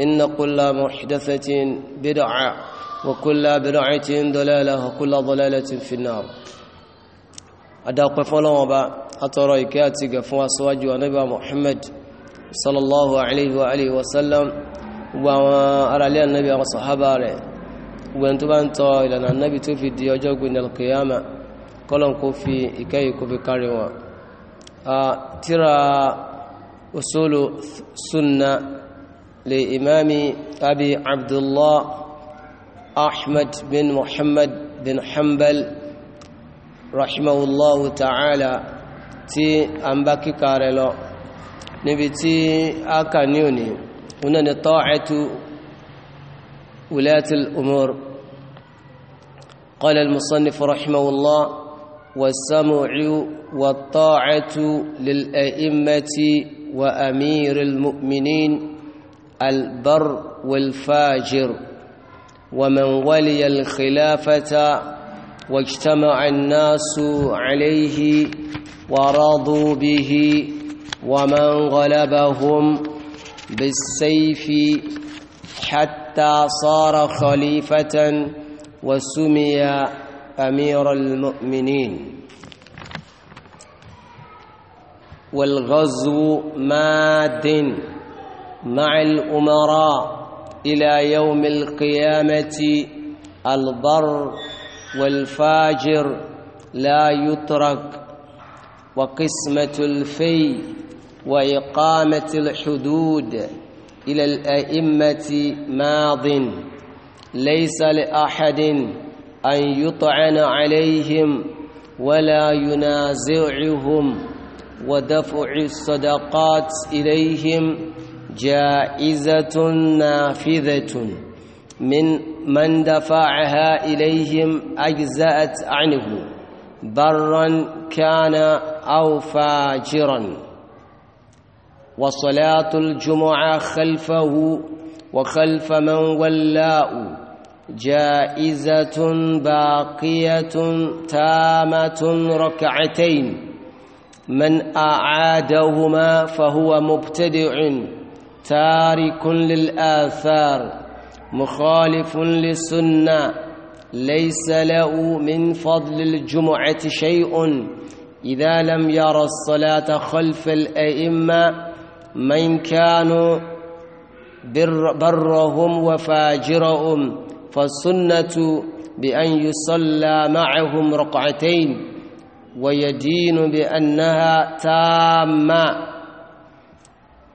إن كل محدثة بدعة وكل بدعة ضلالة وكل ضلالة في النار أدعوك فلان أبا أترى إكاتك فواسواج ونبي محمد صلى الله عليه وآله وسلم وأرى لي النبي وصحابه وأنت بأنت إلى النبي توفي ديوجوك من القيامة كلهم كوفي إكاي في كاريوا ترى أصول سنة لإمام أبي عبد الله أحمد بن محمد بن حنبل رحمه الله تعالى تي أنبكي كارلو أكا أكانيوني هنا طاعة ولاة الأمور قال المصنف رحمه الله والسمع والطاعة للأئمة وأمير المؤمنين البر والفاجر ومن ولي الخلافة واجتمع الناس عليه ورضوا به ومن غلبهم بالسيف حتى صار خليفة وسمي أمير المؤمنين والغزو ماد مع الأمراء إلى يوم القيامة البر والفاجر لا يترك وقسمة الفي وإقامة الحدود إلى الأئمة ماض ليس لأحد أن يطعن عليهم ولا ينازعهم ودفع الصدقات إليهم جائزة نافذة من من دفعها إليهم أجزأت عنه برا كان أو فاجرا وصلاة الجمعة خلفه وخلف من ولاء جائزة باقية تامة ركعتين من أعادهما فهو مبتدع تارك للآثار مخالف للسنة ليس له من فضل الجمعة شيء إذا لم يرى الصلاة خلف الأئمة من كانوا بر برهم وفاجرهم فالسنة بأن يصلى معهم ركعتين ويدين بأنها تامة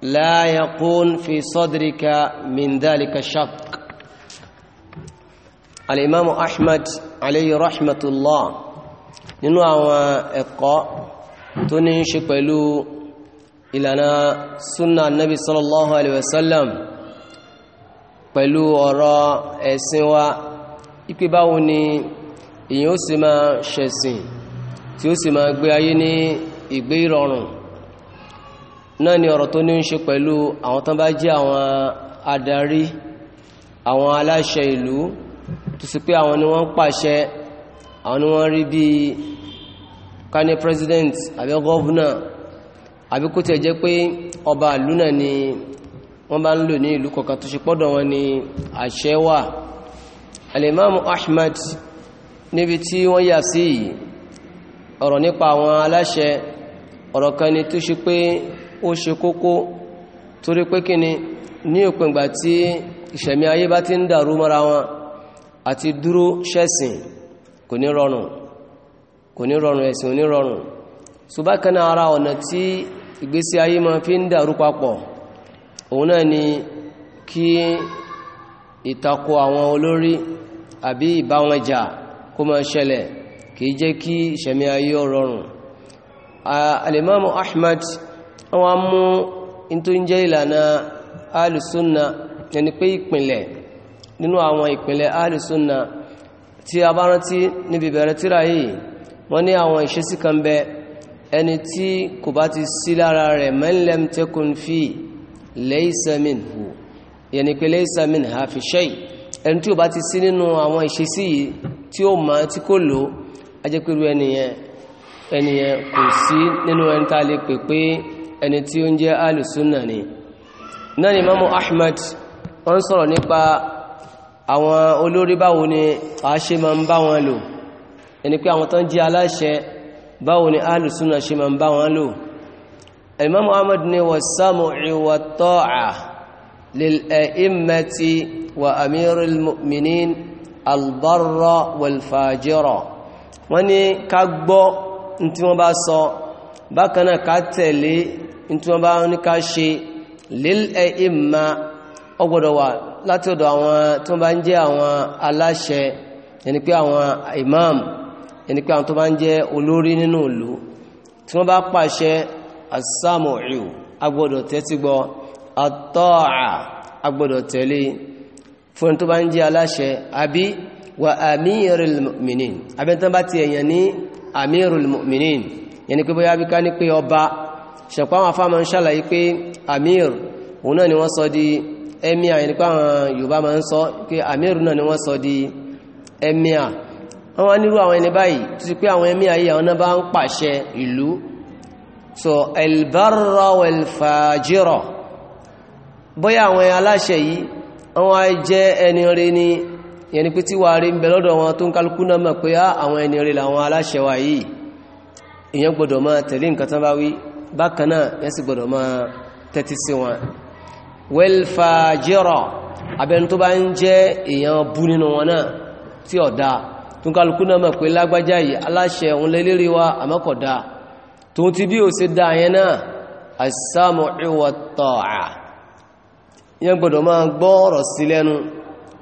لا يكون في صدرك من ذلك شك الإمام أحمد عليه رحمة الله nínú àwọn ẹ̀kọ́ tó ní ṣe pẹ̀lú ìlànà súnà nabi sallallahu alaihi wasallam pẹ̀lú ọ̀rọ̀ ẹ̀sìn wa ipe báwo ni èyàn ó sì máa ṣẹ̀sìn tí ó sì máa gbé ayé ní ìgbé ìrọ̀rùn náà ni ọ̀rọ̀ tó ní ń ṣe pẹ̀lú àwọn tán bá jẹ́ àwọn adarí àwọn aláṣẹ ìlú tó sì pé àwọn ni wọ́n pàṣẹ àwọn ni wọ́n rí bí ká ní president àbí gọ́vùnà àbí kó tẹ̀ jẹ́ pé ọba ìlú náà ni wọ́n bá ń lò ní ìlú kọ̀ọ̀kan tó ṣe pọ́dọ̀ wọn ni àṣẹ wà alimami Ahmad níbi tí wọ́n yà sí ọ̀rọ̀ nípa àwọn aláṣẹ ọ̀rọ̀ kan ni tó ṣe pé ó ṣe kókó torí pé kí ni ní òpin ìgbà tí ìṣẹ̀mí ayé bá ti ń dàrú mọ́ra wọn àti dúró ṣẹ̀sìn kò ní rọrùn kò ní rọrùn ẹ̀sìn ò ní rọrùn ṣùgbọ́n ara ọ̀nà tí ìgbésí ayé máa fi ń dàrú papọ̀ òun náà ni kí ìtakò àwọn olórí àbí ìbáwọn jà kó máa ṣẹlẹ̀ kìí jẹ́ kí ìṣẹ̀mí ayé rọrùn al Ahmad wọ́n mú tó ń jẹ́ ìlànà alùsùnà ẹni pé ìpìnlẹ̀ nínú àwọn ìpìnlẹ̀ alùsùnà tí a bá rántí níbi bẹ̀rẹ̀ tíra yìí wọ́n ní àwọn ìṣesí kan bẹ ẹni tí kò bá ti sí lára rẹ̀ man lam takun shay ẹni tí ò bá ti sí nínú àwọn ìṣesí yìí tí ó mọ̀ tí kò ẹni tí ó ń jẹ́ alùsúnà ni náà ni mamu ahmed wọ́n sọ̀rọ̀ nípa àwọn olórí báwo ni a ṣe ma ń bá wọn lò ẹni pé àwọn tán jẹ́ aláṣẹ báwo ni alùsúnà ṣe ma ń bá wọn lò imamu ahmed ni was-sam'u wat-ta'a lil-a'immati wa ká tẹ̀lé tí wọ́n bá ní ká ṣe lílẹ̀ ìmá ọgbọ́dọ̀ wà láti ọ̀dọ̀ àwọn tí wọ́n bá ń jẹ́ àwọn aláṣẹ ẹni pé àwọn imam ẹni pé àwọn tó bá ń jẹ́ olórí nínú ìlú tí wọ́n bá pàṣẹ asámọ̀ríù agbọ́dọ̀ tẹ́tí yẹni pé bóyá bí ká ní pé ọba ṣẹ̀pá àwọn afá ma ń ṣàlàyé pé amir òun náà ni wọ́n sọ di emir yẹn nípa àwọn yorùbá ma ń sọ pé amir náà ni wọ́n sọ di emir wọ́n wá nírú àwọn ẹni báyìí tó ti pé àwọn emir yìí àwọn náà bá ń pàṣẹ ìlú so elbarra welfajira bóyá àwọn aláṣẹ yìí wọ́n wá jẹ́ ẹni rẹ ni yẹni pé tí wà rí ń bẹ lọ́dọ̀ wọn tó ń kálukú náà mọ̀ pé ah, àwọn ẹni rẹ làwọn aláṣẹ wa yìí ìyẹn gbọ́dọ̀ máa tẹ̀lé nǹkan tán bá wí bákan náà yẹn sì gbọdọ̀ máa tẹ́tí sí wọn wẹ́lfàjẹ́rọ̀ abẹni tó bá ń jẹ́ èèyàn bú nínú wọn náà tí ọ̀dá túnkálukú náà mọ̀ pé lágbájá yìí aláṣẹ òun lélẹ́rí wa àmọ́kọ̀dá tó ti bí ó ṣe dá yẹn náà àṣàmù ìwà yẹn gbọdọ̀ máa gbọ́ sí lẹ́nu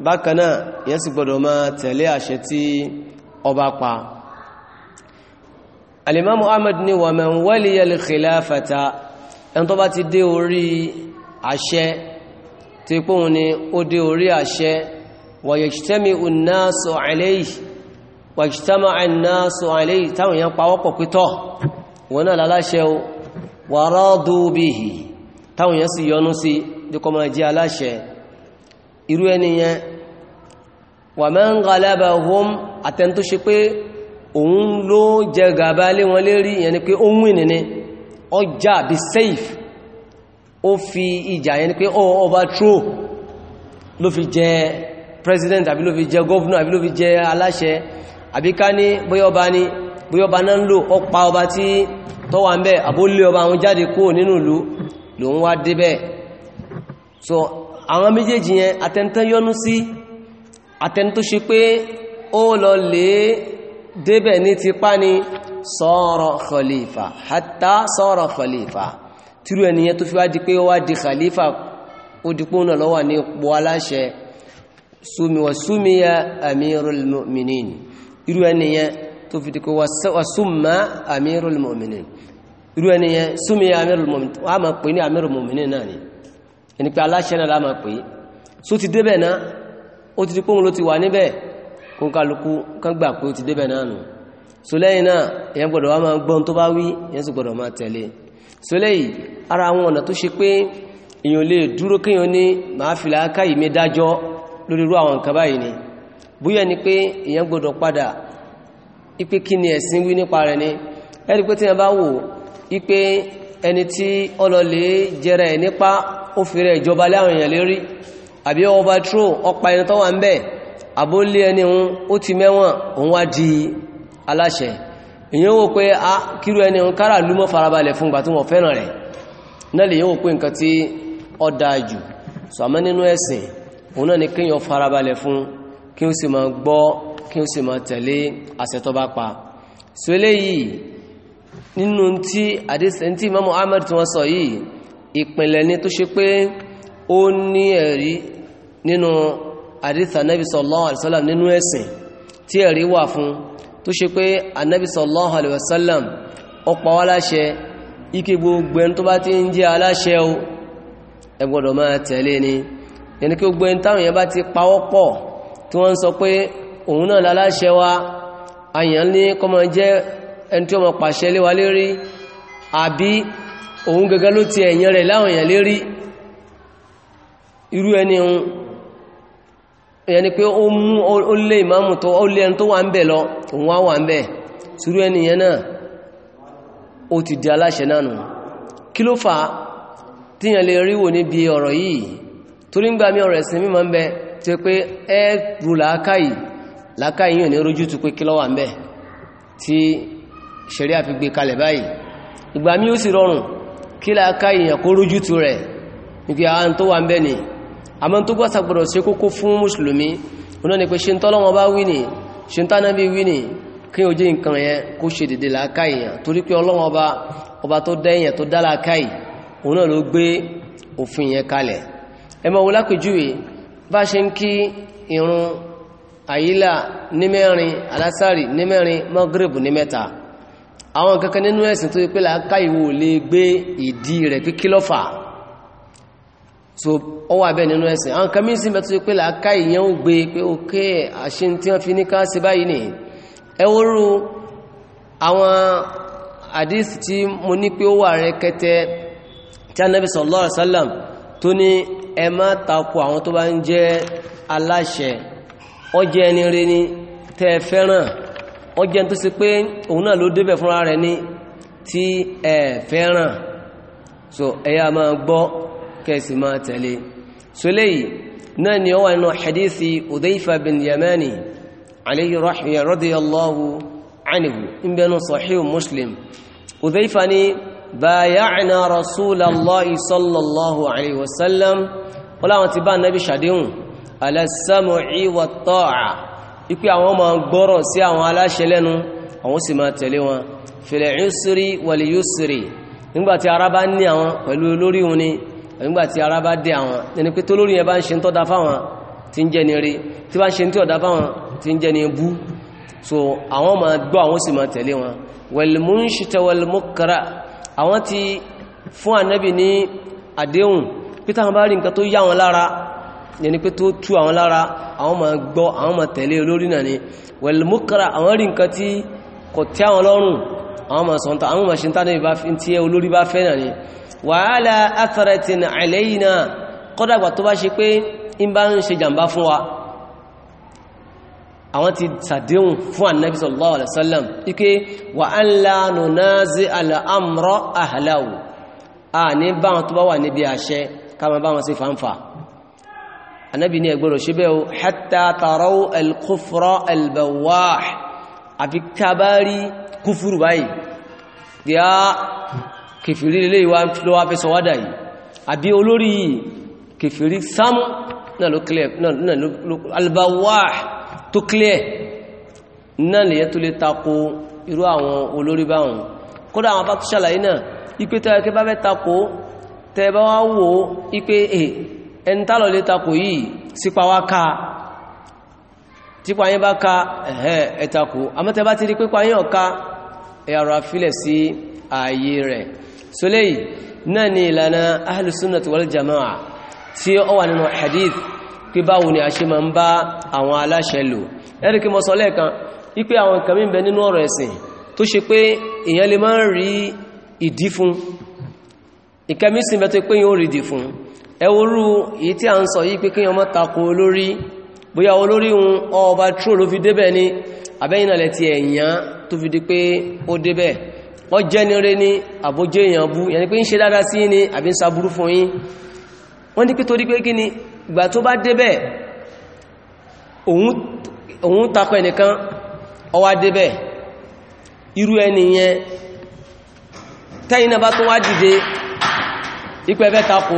bákan yẹn sì gbọdọ̀ máa tẹ̀lé àṣẹ tí ọba pa alimamu ahmed ni wà man waliya al-khilafata ẹni tó bá ti dé orí àṣẹ ti pòun ni ó dé orí àṣẹ wa yajtami'u an-nasu alayhi wa yajtama'a an-nasu alayhi táwọn èèyàn pawọ́pọ̀ pítọ̀ wọn náà láláṣẹ o wa radu táwọn èèyàn sì yọnú sí díkọ́ máa jẹ́ aláṣẹ irú ẹni yẹn wa man ghalabahum òun ló jẹ gàbá lé wọn lérí yẹn ni pé ó mú ìnìní ọjà bí safe ó fi ìjà yẹn pé ó overthrow ló fi jẹ president àbí ló fi jẹ governor àbí ló fi jẹ aláṣẹ àbí ká ní bóyá ọba ní bóyá ọba náà ń lò ó pa ọba tí tọ́wà ń bẹ́ àbólé ọba àwọn jáde kúrò nínú ìlú lòun wá débẹ̀ so àwọn méjèèjì yẹn atẹnitán yọnu sí atẹni ṣe pé ó lọ lè débẹ̀ ní tipá ni sọ́ọ̀rọ̀ khalifa hatta sọ́ọ̀rọ̀ khalifa tírú ẹniyẹ tó fi wá di pé wá di khalifa ó dipó náà lọ́wà ní ipò aláṣẹ súnmiwà súnmiyà amirul mu'minin irú ẹniyẹ tó fi dikó wà súnmà amirul mu'minin irú ẹniyẹ súnmiyà amirul mu'minin wà máa pè ní amirul kó kálukú kán gbà pé ó ti débẹ̀ náà nù so lẹ́yìn náà èyàn gbọ́dọ̀ wá máa gbọ́n tó bá wí èyàn sì gbọ́dọ̀ máa tẹ̀lé so lẹ́yìn ara àwọn ọ̀nà tó ṣe pé èyàn lè dúró kéèyàn ní màá fi làákàyè mi dájọ́ lórí irú àwọn nǹkan báyìí ni bóyá ni pé èyàn gbọ́dọ̀ padà ipe kí ni ẹ̀sìn wí nípa rẹ̀ ni ẹni pé tí wọ́n bá wò ipe ẹni tí ọlọ́lẹ̀ jẹrẹ ẹ̀ nípa ó fi rẹ̀ ìjọba láwọn èèyàn lérí àbí overthrow ọpa ẹni tó wà ń bẹ́ẹ̀ àbólé ẹni hun ó ti mẹ́wọ̀n òun wá di aláṣẹ èyàn wò pé a ah, kírú ẹni hun kára lú mọ́ farabalẹ̀ fún gbà tí wọ́n fẹ́ràn rẹ̀ náà lè yíò wò pé nǹkan tí ọ dáa jù sọ àmọ́ nínú ẹ̀sìn òun náà ni kíyàn farabalẹ̀ fún kí ó sì máa gbọ́ kí ó ó ní ẹ̀rí nínú àdíta anábì sallallahu alaihi wasallam nínú ẹ̀sìn tí ẹ̀rí wà fún tó ṣe pé anábì sallallahu alaihi wasallam ó pa wá láṣẹ ike gbogbo ẹni tó bá ni yẹni kí gbogbo ẹni táwọn yẹn bá ti pawọ́pọ̀ tí wọ́n ń sọ pé òun náà láláṣẹ wa àyàn ní kọ́mọ jẹ́ ẹni tí ó mọ gẹ́gẹ́ ló ti ẹ̀yìn rẹ̀ láwọn èèyàn lérí irú ẹni hun ẹ̀yẹn ni pé ó mú ó lé ìmáàmù tó ó lé ẹni tó wà ń bẹ̀ lọ òun wá wà ń bẹ̀ ṣúrú ẹniyẹn náà ó ti di aláṣẹ náà nù kí ló fà tíyàn lè ríwò níbi ọ̀rọ̀ yìí torí ń gbà mí ọ̀rọ̀ ẹ̀sìn mímọ̀ ń bẹ tí pé ẹ rú làákàyì làákàyì yìí ní àmọ́ tó gbọ́sà gbọ́dọ̀ ṣe kókó fún mùsùlùmí oná ni pé ṣe ń tọ́lọ́wọ́n bá wí ni ṣe ń tánàbí wí ni kí o jẹ́ nǹkan yẹn kó ṣe dìde làákàyè yẹn torí pé ọlọ́wọ́n ọba ọba tó dá èèyàn tó dá làákàyè òun náà ló gbé òfin yẹn kalẹ̀ ẹ so ó wà bẹ́ẹ̀ nínú ẹ̀sìn àwọn kan mísìn bẹ́ẹ̀ tó pé làákà ìyẹn ń gbé pé òkè àṣẹ tí wọ́n fi ní ká ṣe báyìí nì ẹ wóró àwọn àdísì tí mo ní pé ó wà rẹkẹtẹ tí anábì sallallahu alaihi wasallam tó ní ẹ má tako àwọn tó bá ń jẹ́ aláṣẹ ọjẹ́ ẹni rẹ ni tẹ́ ẹ fẹ́ràn ọjẹ́ tó ṣe fẹ́ràn so ẹ̀yà máa gbọ́ kẹ́sì máa tẹ̀lé sólé yìí náà ni ó wà nínú hadithi udaifa bin yamani alayhi rahmiya radiyallahu anhu in bẹnu sahihu muslim udaifa ni bayana rasulallahi sallallahu alayhi wasallam wọ́n láwọn ti bá nabi ṣàdéhùn alasamu'i wa ta'a ipe àwọn máa gbọ́rọ̀ sí àwọn aláṣẹ lẹ́nu àwọn sì máa tẹ̀lé wọn fil usri wal yusri nígbàtí ara bá ní àwọn pẹ̀lú olórí wọn ni nígbà tí ara bá dé àwọn ẹni pé tó lórí yẹn bá ń ṣe ń tọ́da fáwọn tí ń jẹ́ ní rí tí bá ń ṣe tí ọ̀dá fáwọn tí ń jẹ́ ní bú so àwọn máa gbọ́ àwọn sì máa tẹ̀lé wọn wẹ̀lmúnṣìtẹ̀ wẹ̀lmúkara àwọn ti fún ànábì ní àdéhùn pé táwọn bá rí nǹkan tó yá wọn lára ẹni pé tó tú àwọn lára àwọn máa gbọ́ àwọn máa tẹ̀lé olórí náà ni wẹ̀lmúkara àwọn rí wàhálà afẹ́rẹ̀tìn àìlẹ́yìn náà kọ́dàgbà tó bá ṣe pé in bá ń ṣe jàmbá fún wa àwọn ti sàdéhùn fún annabi sallallahu alaihi wasallam ike wà á lánà náà sí al'amrọ̀ ahàláwò a ní bá wọn hatta taraw al-kufra al-bawah àfi kabari kúfúrú kèfèrí lè wá ló wá fẹ́ sọ wádà yìí àbí olórí yìí kèfèrí sámú náà ló clear náà ló albawá tó clear náà lè yẹ tó lè tako irú àwọn olórí báwọn kódà àwọn bá tó ṣàlàyé náà ipé tó ẹkẹ́ bá fẹ́ tako tẹ bá wá wò ipé eh, ẹni tálọ̀ lè tako rẹ̀ sọlẹ́yìn náà ni ìlànà ahlùsúnnàtí wal jama'a tí ó wà nínú hadith pé báwo ni a ṣe ma ń bá àwọn aláṣẹ lò ẹ́rìkí mọ́ sọ lẹ́ẹ̀kan wípé àwọn kàmí bẹ nínú ọ̀rọ̀ ẹ̀sìn tó ṣe pé èèyàn lè máa ń rí ìdí fún ìkẹ́mí sí mẹ́tọ́ pé yóò rí ìdí fún ẹwúrú èyí tí a ń sọ yí pé kíyàn wọ́n jẹ́ ní rẹ ní àbójẹ́ èèyàn bú yẹni pé ń ṣe dáadáa sí ní àbí ń sàbúrú fún yín wọ́n ní pé torí pé kí ni ìgbà tó bá débẹ̀ òun takọ ẹnìkan ó wá débẹ̀ irú ẹni yẹn tẹ́yìn bá tó wá dìde ipẹ́ ẹbẹ́ takò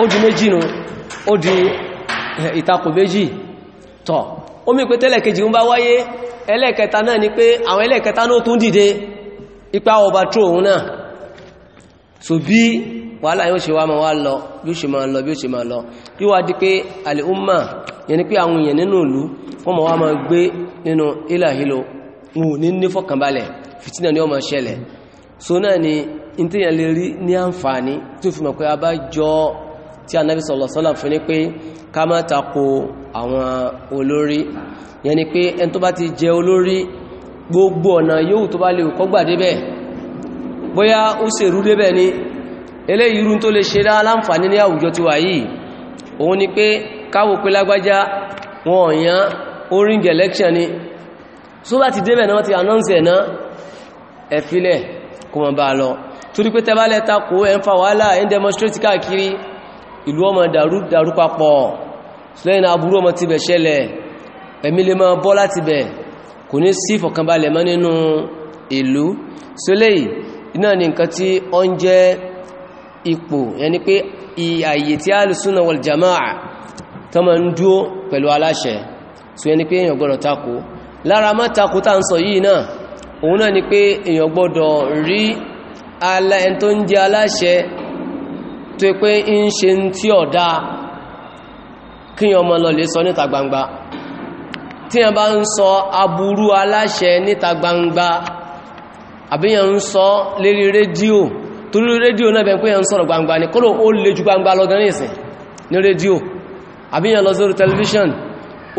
ó di méjì nù ó di eh, ìtakò méjì tọ̀ omi pé tẹ́lẹ̀ kejì ń bá wáyé ẹlẹ́ẹ̀kẹta náà ni pé àwọn ẹlẹ́ẹ̀kẹta náà tún dìde ipa ọba tó òun náà so bí wàhálà yóò ṣe wá ma wá lọ bí ó ṣe ma lọ bí ó ṣe ma lọ kí wá di pé alìhúnmà yẹn ni pé àwọn èèyàn nínú ìlú wọ́n ma wá ma gbé nínú ìlàhílò ní ní fọkànbalẹ̀ fìtínà ni wọ́n ma ṣẹlẹ̀ so náà ni intéyàn lè rí ní àǹfààní tó fi mọ̀ pé a bá jọ tí a nábi sallallahu alaihi wasallam fún ní pé ká má tako àwọn olórí yẹn ni pé ẹn tó bá ti jẹ olórí gbogbo ọ̀nà yóò tó bá lè kọ́gbà débẹ̀ bóyá ó sì rú débẹ̀ ni eléyìí irú tó lè ṣe dá láǹfààní ní pé káwò oring election ni so bá ti débẹ̀ náà ti announce ẹ̀ná ẹ̀fílẹ̀ kò mọ̀ bá lọ ń fa wàhálà ẹ̀ ń demonstrate káàkiri ìlú ọmọ dàrú dàrú papọ̀ lẹ́yìn aburú ọmọ ti bẹ̀ ṣẹlẹ̀ ẹ̀mí lè máa bọ́ láti bẹ̀ kò ní sí ìfọ̀kànbalẹ̀ mọ́ nínú ìlú sólẹ̀ iná ni nǹkan tí ó ń jẹ́ ipò yẹni pé ìyàyè tí alùsùnà wal jama'a tó ni pé èèyàn gbọ́dọ̀ rí ẹni tó tó pé ń ṣe ń tí ọ̀dá kíyàn ọmọ lọ lè sọ níta gbangba tí yàn bá ń sọ aburú aláṣẹ níta gbangba àbíyàn ń sọ lérí rédíò torí rédíò náà bẹ̀ pé yàn ń sọ̀rọ̀ gbangba ní kọ́lọ̀ ó lè ju gbangba lọ gan ìsìn ní rédíò àbíyàn lọ sórí tẹlifíṣàn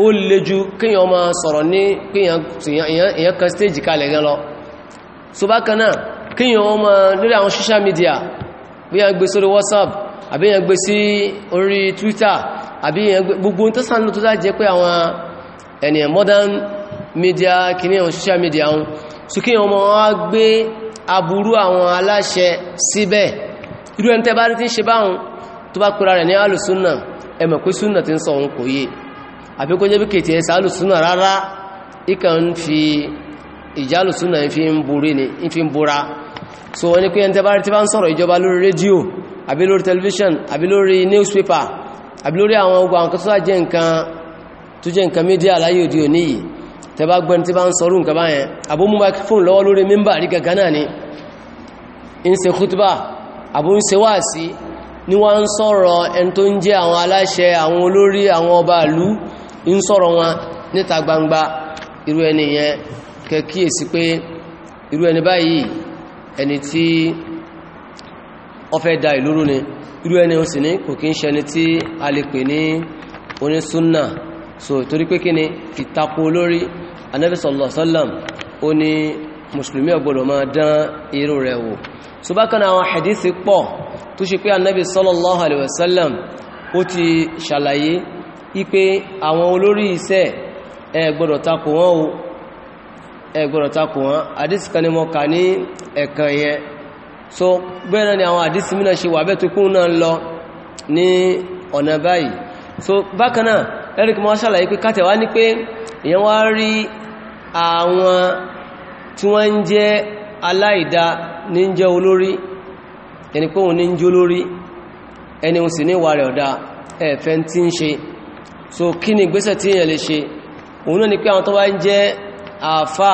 ó lè ju kíyàn kíyàn ọmọ lórí àwọn social media bí yàn gbé sórí whatsapp àbí yàn gbé sí orí twitter àbí yàn gbé gbogbo tó sàn ló tó dájẹ́ pé àwọn ènìyàn modern media kìíní àwọn social media wọn sókè wọn mọ́ wá gbé aburú àwọn aláṣẹ síbẹ̀ irú ẹni tẹ́ bá rí tí ń ṣe báhùn tó bá pèrà rẹ̀ ní alùsúnà ẹmọ̀ pé súnà ti ń sọ òun kò yé àbí kó jẹ́ bí kètì ẹ̀sà alùsúnà rárá ìkà ń fi ìjálùsúnà ń fi ń borí ni ń fi ń bora so wọ́n ni pé ẹntẹ́ bá rí tí bá ń sọ̀rọ̀ ìjọba lórí rédíò àbí lórí tẹlifíṣàn àbí lórí newspaper àbí lórí àwọn ogun àwọn kọsọ́lá jẹ́ nǹkan tó jẹ́ nǹkan mídíà láyé òdí òní yìí tẹ bá gbẹ́ni tí bá ń sọ̀rọ̀ nǹkan báyẹn àbó mú microphone lọ́wọ́ lórí mímbà rí gẹ̀gẹ́ ni ń ṣe kútúbà àbó ń ṣe wáàsí ní wọ́n ń sọ̀rọ̀ ẹni tó ń jẹ́ àwọn aláṣẹ àwọn olórí àwọn ọba ìlú ń sọ̀rọ̀ wọn níta gbangba irú ẹni yẹn kẹkíyèsí pé irú ẹni báyìí ẹni tí ó da ìlú rú ni irú ẹni ó sì ní kò kí ń ṣe ẹni tí a lè pè ní onísúnnà so torí pé kí ni ìtakò olórí Ànábì sallallahu alaihi wasallam ó ní mùsùlùmí ò gbọdọ̀ máa dán irú rẹ̀ wò so bákan náà àwọn hadisi pọ̀ tó ṣe pé Ànábì ẹgbọ́dọ̀ takò wọn àdísì kan ni mo kà ní ẹ̀kan yẹn so bẹ́ẹ̀ náà ni àwọn àdísì mìíràn ṣe wà bẹ́ẹ̀ náà lọ ní ọ̀nà báyìí so bákan náà eric mọ́ ṣàlàyé pé kátẹ̀ wá ní pé èyàn wá rí àwọn tí wọ́n ń jẹ́ aláìdá ní jẹ́ olórí ẹni pé òun ní jẹ́ olórí ẹni òun sì ní ìwà rẹ̀ ọ̀dá ẹ̀fẹ́ so kí ni ìgbésẹ̀ tí èyàn lè àfà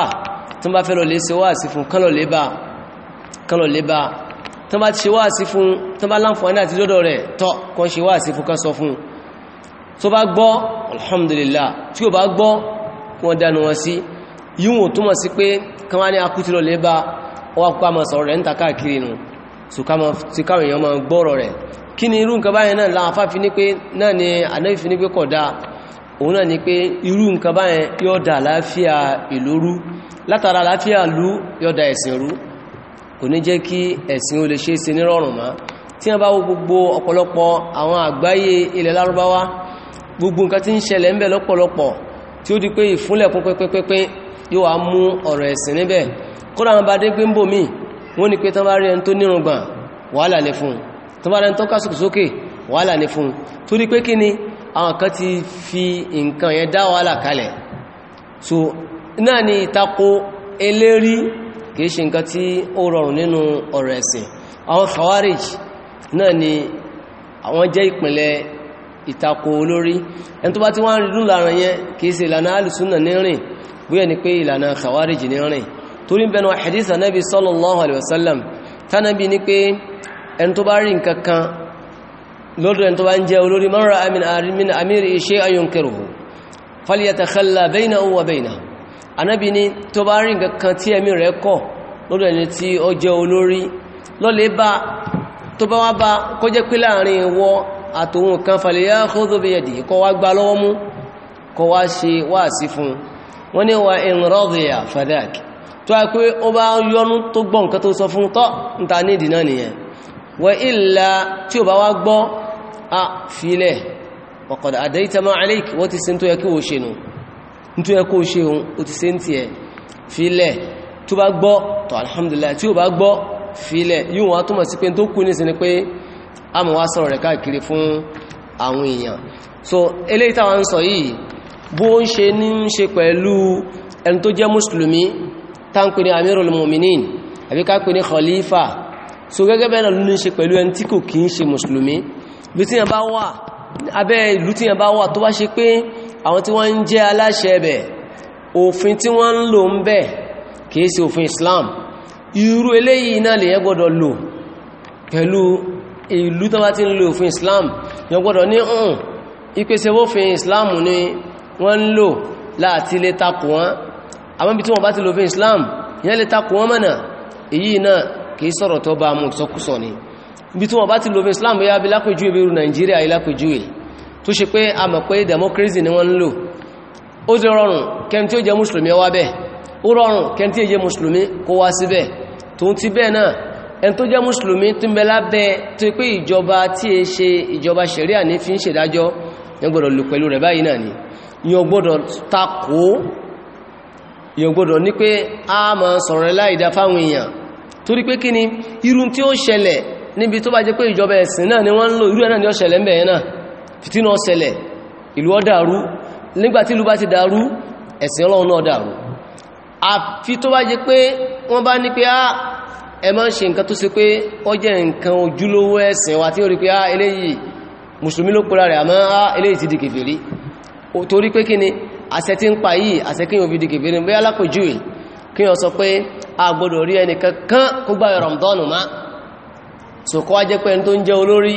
tó bá fẹ́ lọ lè ṣe wáàsí fún kán lọ lè bá tó bá ṣe wáàsí fún tó bá láǹfààní àti lọ́dọ̀ rẹ̀ tọ́ kan ṣe wáàsí fún kán sọ fún tó bá gbọ́ alhamdulillah tí ó bá gbọ́ wọn dánu wọn sí yíwọ̀n túnmọ̀ sí pé kán wá ní akútí lọ lè bá wọ́n akúkọ́ àmọ́ sọ̀rọ̀ rẹ̀ ń ta káàkiri ni irú nǹkan báyẹn òun náà ni pé irú nǹkan báyẹn yóò dà láàáfíà ìlú rú látara láàáfíà lú yóò dà ẹ̀sìn rú kò ní jẹ́ kí ẹ̀sìn ó lè ṣe é ṣe nírọ̀rùn mọ́ tí wọ́n bá wo gbogbo ọ̀pọ̀lọpọ̀ àwọn àgbáyé ilẹ̀ lárúbáwá gbogbo nǹkan tí ń ṣẹlẹ̀ ń bẹ lọ́pọ̀lọpọ̀ tí ó di pé ìfúnlẹ̀kún pẹ́pẹ́pẹ́ yóò wá mú ọ̀rọ̀ ẹ̀sìn àwọn kan ti fi nǹkan yẹn dá wàhálà kalẹ̀ so náà ni ìtakò eléri kìí ṣe nǹkan tí ó rọrùn nínú ọ̀rọ̀ ẹ̀sìn àwọn khawarij náà ni àwọn jẹ́ ìpìnlẹ̀ ìtakò olórí ẹni tó bá ti wá ń rìn lára yẹn kìí ṣe ìlànà alùsùnà ní rìn bóyẹ̀ ni pé ìlànà khawarij ní rìn torí bẹnu hadith anábi sallallahu alaihi kan lọ́dọ̀ ẹni tó bá ń jẹ́ olórí mọ́ra amin amir iṣẹ́ ayọ́nkẹrùhù fàlíyàtà kàlà bẹ́ẹ̀nà wa bẹ́ẹ̀nà anábi ni tó bá rí nǹkan tí ẹ̀mí rẹ̀ kọ̀ lọ́dọ̀ ẹni tí ó jẹ́ olórí lọ́lẹ̀ bá tó bá wá bá kó jẹ́ pé láàrin wọ àtòhun kan fàlíyà khudhu biyadi kó wá wa illa tí ò bá wá gbọ́ a filẹ̀ ọ̀kọ̀dà àdáyítàmá alaik wọ́n ti se ń tó yẹ kí o ṣe nù ń tó yẹ kó o ṣe òun o ti se ń tiẹ̀ filẹ̀ tó bá gbọ́ tọ́ alhamdulillah tí o bá gbọ́ filẹ̀ yíò wọ́n túnmọ̀ sí pé tó kú ní sinipé a mọ̀ wá sọ̀rọ̀ rẹ̀ káàkiri fún àwọn èèyàn so eléyìí táwọn ń sọ yìí bó ń ṣe ní ń ṣe pẹ̀lú ẹni tó jẹ́ mùsùlùmí táǹkù ní amirul muminin àbíká pè so gẹ́gẹ́ bẹ́ẹ̀ náà ló ní ṣe pẹ̀lú ẹni tí kò kí ń ṣe mùsùlùmí bí tí yẹn bá wà abẹ́ ìlú tí yẹn bá wà tó bá ṣe pé àwọn tí wọ́n ń jẹ́ aláṣẹ ẹbẹ̀ òfin tí wọ́n Islam irú eléyìí náà lè yẹn gbọ́dọ̀ lò pẹ̀lú ìlú tó bá lo òfin Islam yẹn gbọ́dọ̀ ní ọ̀hún ìpèsè Islam ni wọ́n ń lò láti lè takò wọn àwọn ibi tí wọ́n ti lo òfin Islam yẹn lè takò wọn mọ̀nà èyí náà kìí sọ̀rọ̀ tó bá mú ìsọkúsọ ni bí tí wọ́n bá ti lo Islam bóyá bí lápèjúwe bí irú Nàìjíríà ilápèjúwe tó ṣe pé a mọ̀ pé democracy ni wọ́n ń lò ó jẹ́ rọrùn kẹm tí ó jẹ́ mùsùlùmí wá bẹ́ẹ̀ ó rọrùn kẹm tí ó jẹ́ mùsùlùmí kó wá síbẹ̀ tó ń ti bẹ́ẹ̀ náà ẹn tó jẹ́ mùsùlùmí tó ń bẹ lábẹ́ tó pé ìjọba tí è ṣe ìjọba ṣẹ̀ríà ní fi ń ṣèdájọ́ yẹn ni yẹn gbọ́dọ̀ takò yẹn gbọ́dọ̀ ní pé a máa sọ̀rọ̀ láìdá torí pé kí ni irun tí ó ṣẹlẹ̀ níbi tó bá jẹ́ pé ìjọba ẹ̀sìn náà ni wọ́n ń lò irú ẹ̀nà ni ó ṣẹlẹ̀ mẹ́ẹ̀ náà fìtínà ṣẹlẹ̀ ìlú ó dàrú nígbàtí ìlú bá ti dàrú ẹ̀sìn ọlọ́run náà dàrú àfi tó bá jẹ́ pé wọ́n bá ní pé á ah, ẹ máa ń ṣe nǹkan tó ṣe pé ó jẹ́ nǹkan ojúlówó ẹ̀sìn wa tí ó rí pé á ah, eléyìí mùsùlùmí ló pera rẹ̀ àmọ́ á ah, eléyìí a gbọ́dọ̀ rí ẹnìkan kán kó gbá Ramadan máa sòkọ́ wá jẹ́ pé ẹni tó ń jẹ́ olórí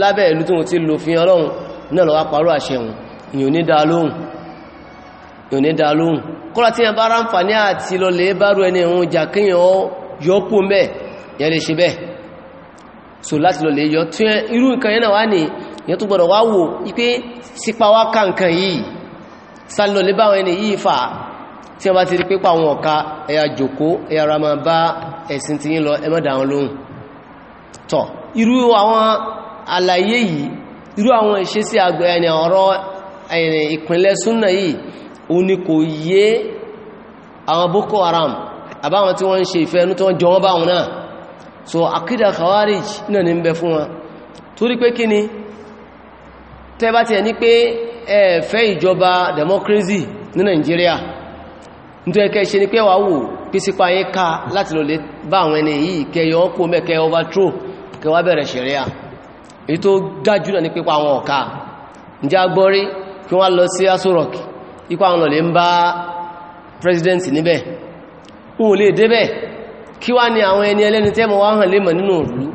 lábẹ́ ìlú tó ti lò fi ọlọ́run náà lọ́wọ́ parọ́ àṣẹun ìyàn ní dáa lóhùn ìyàn ní dáa lóhùn kọ́lá tí yẹn bá ráǹfààní àti lọlẹ̀ bárú ẹni ìhun jà kíyàn yọkú mẹ́ yẹn lè ṣe bẹ́ẹ̀ so láti lọlẹ̀ yọ tí tí wọ́n bá ti rí pé àwọn ọ̀ka ẹ̀yà jòkó ẹ̀yà ramaba ẹ̀sìn ti yín lọ ẹmọ́dà wọn tọ́ irú àwọn àlàyé yìí irú àwọn ìṣesí àgbẹ̀ ẹni ọ̀rọ̀ ìpínlẹ̀ súnà yìí o ní kò yé àwọn Boko Haram àbáwọn tí wọ́n ń ṣe ìfẹ́ ẹnu tí wọ́n jọ wọ́n báwọn náà so akídà Khawarij náà ní ń bẹ fún wọn torí pé kí ni tẹ́bá ti ẹ̀ ní pé ẹ̀ẹ̀fẹ́ ìjọba písípa yí ká láti lò lè bá àwọn ẹni yìí kẹyọ kó mẹ́kẹ́ overthrow kẹwàá bẹ̀rẹ̀ ṣẹ̀ríà èyí tó dájú náà ní pípa àwọn ọ̀ká ǹjẹ́ agbọ́rí kí wọ́n lọ sí asorok ipa àwọn lọ̀lẹ́ ń bá president níbẹ̀ òun lè débẹ̀ kí wá ní àwọn ẹni ẹlẹ́ni tẹ́mọ̀ wá hàn lè mọ̀ nínú òrùlú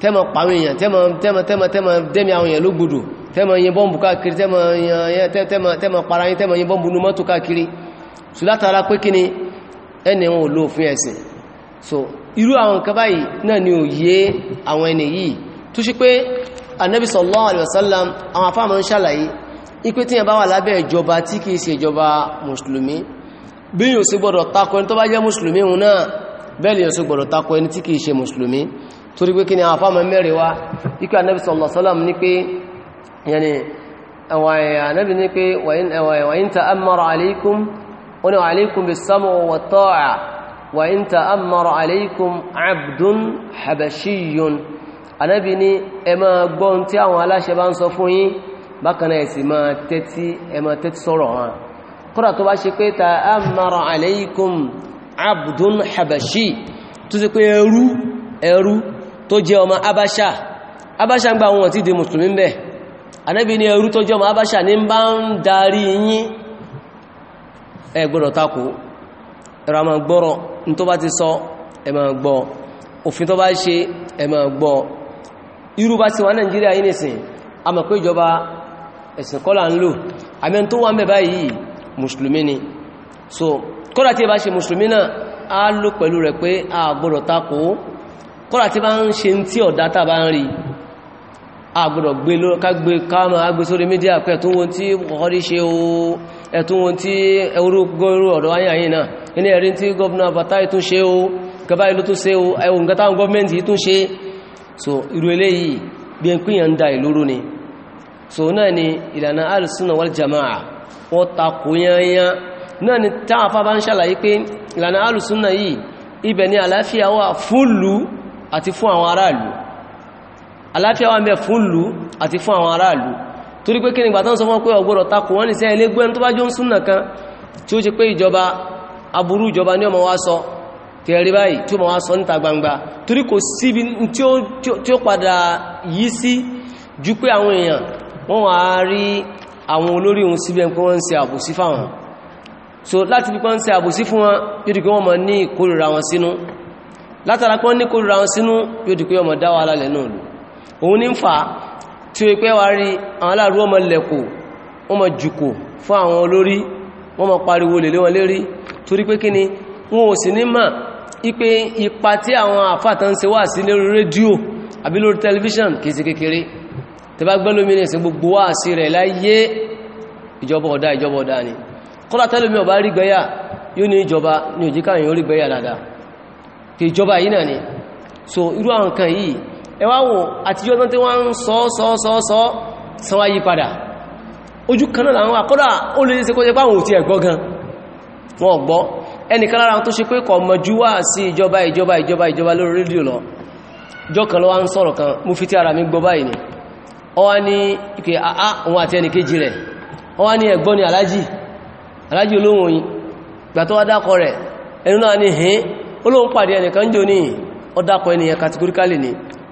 tẹ́mọ̀ pàwọn èèyàn tẹ́mọ̀ tẹ́mọ̀ tẹ́mọ̀ tẹ́mọ̀ dẹ́mi àwọn èèyàn lógbòdò tẹ́mọ̀ ẹni wọn ò lò fún ẹ̀sìn so irú àwọn nǹkan báyìí náà ni òye àwọn ẹni yìí tó ṣe pé anabi sallallahu alaihi wasallam àwọn afáàmọ́ ń ṣàlàyé ipé tí yẹn bá wà lábẹ́ ìjọba tí kìí ṣe ìjọba mùsùlùmí bí yóò sì gbọ́dọ̀ takọ ẹni tó bá jẹ́ mùsùlùmí hun náà bẹ́ẹ̀ yóò sì gbọ́dọ̀ takọ ẹni tí kìí ṣe mùsùlùmí torí pé kí ni àwọn afáàmọ́ mẹ́rin wá ipé anabi ní pé yẹni anabi ní pé wàyín ta'ammara alaikum wọ́n wà aléìkùn bí sọ́mọ̀ wà tọ́à wà ń ta àmọ́rọ̀ aléìkùn abdun habashiyun anábi ni ẹ máa gbọ́n tí àwọn aláṣẹ bá ń sọ fún yín bákanáà ẹ̀sì máa tẹ́tí ẹ máa tẹ́tí sọ́rọ̀ wọn kọ́rọ̀ tó bá ṣe pé ta àmọ́rọ̀ aléìkùn abdun habashi tó sì pé ẹrú ẹrú tó jẹ́ ọmọ abasha abasha ń gba àwọn ọ̀tí di mùsùlùmí bẹ́ẹ̀ anábi ni ẹrú tó jẹ́ ọmọ abasha ní bá ń darí yín ẹ gbọ́dọ̀ takò ẹ̀rọ àmà gbọ́rọ̀ ní tó bá ti sọ ẹ máa gbọ́ òfin tó bá ṣe ẹ máa gbọ́ irú bá ti wà nàìjíríà yìí nìsìn a mọ̀ pé ìjọba ẹ̀sìn kọ́ ń lò àmì tó wà mẹ́bá yìí mùsùlùmí ni so kọ́dà tí ẹ bá ṣe mùsùlùmí náà á lò pẹ̀lú rẹ̀ pé a gbọ́dọ̀ takò kọ́dà tí bá ń ṣe tí ọ̀dá tà bá ń rí a gbọ́dọ̀ gbé káàmà agbésórí mídíà pẹ̀ tó wọ́n tí kọ́kọ́rí ṣe oó ẹ̀tún wọn tí ẹwúrúgbọ́rú ọ̀dọ̀ ayáyìn náà inú ẹ̀rí tí gọ́ọ̀nà Bàtàì tún ṣe o gaba ìlú tún ṣe o ẹwùn gata gọ́ọ̀mẹ́ntì tún ṣe so irú eléyìí bí ẹn pínyàn da ìlúrú ni so náà ni ìlànà alìsúnà wal jama'a wọ́n ta kò yányán náà ni táwọn afá bá ń ṣàlàyé pé ìlànà alìsúnà yìí ibẹ̀ ni àlàáfíà wà fún lù àti fún àwọn aráàlú àlàáfíà wà ń torí pé kíni gbàtán sọ fún pé ọgbọ́rọ̀ takò wọ́n ni sẹ́ ẹlẹ́gbẹ́ tó bá jọ ń súnnà kan tí ó ṣe pé ìjọba aburú ìjọba ní ọmọ wá sọ tẹ̀rí báyìí tí ó mọ̀ wá sọ níta gbangba torí kò síbi tí ó padà yí sí ju àwọn èèyàn wọ́n àwọn olórí ohun pé wọ́n ń fún wọn yóò mọ̀ ní yóò di mọ̀ ní ń tí ó pẹ́ wà rí àwọn aláàrú ọmọ lẹ̀kò wọ́n mọ̀ jùkò fún àwọn olórí wọ́n mọ̀ pariwo lè lé wọn lérí torí pé kíni wọ́n ò sì ní mà ipé ipa tí àwọn àfáàtà ń ṣe wà sí lórí rédíò àbí lórí tẹlifíṣàn kìí sí gbogbo wà sí rẹ̀ so irú ẹwàwò àti yọ́n tí wọ́n ń sọ sọ sọ sọ sọ wáyé padà ojú kan àwọn àkọ́dà ó lè ṣe kó jẹ páwọn òtí ẹ̀gbọ́ gan wọ́n gbọ́ ẹnìkan lára tó ṣe pé mọ̀jú sí ìjọba ìjọba ìjọba ìjọba lórí lọ jọ ní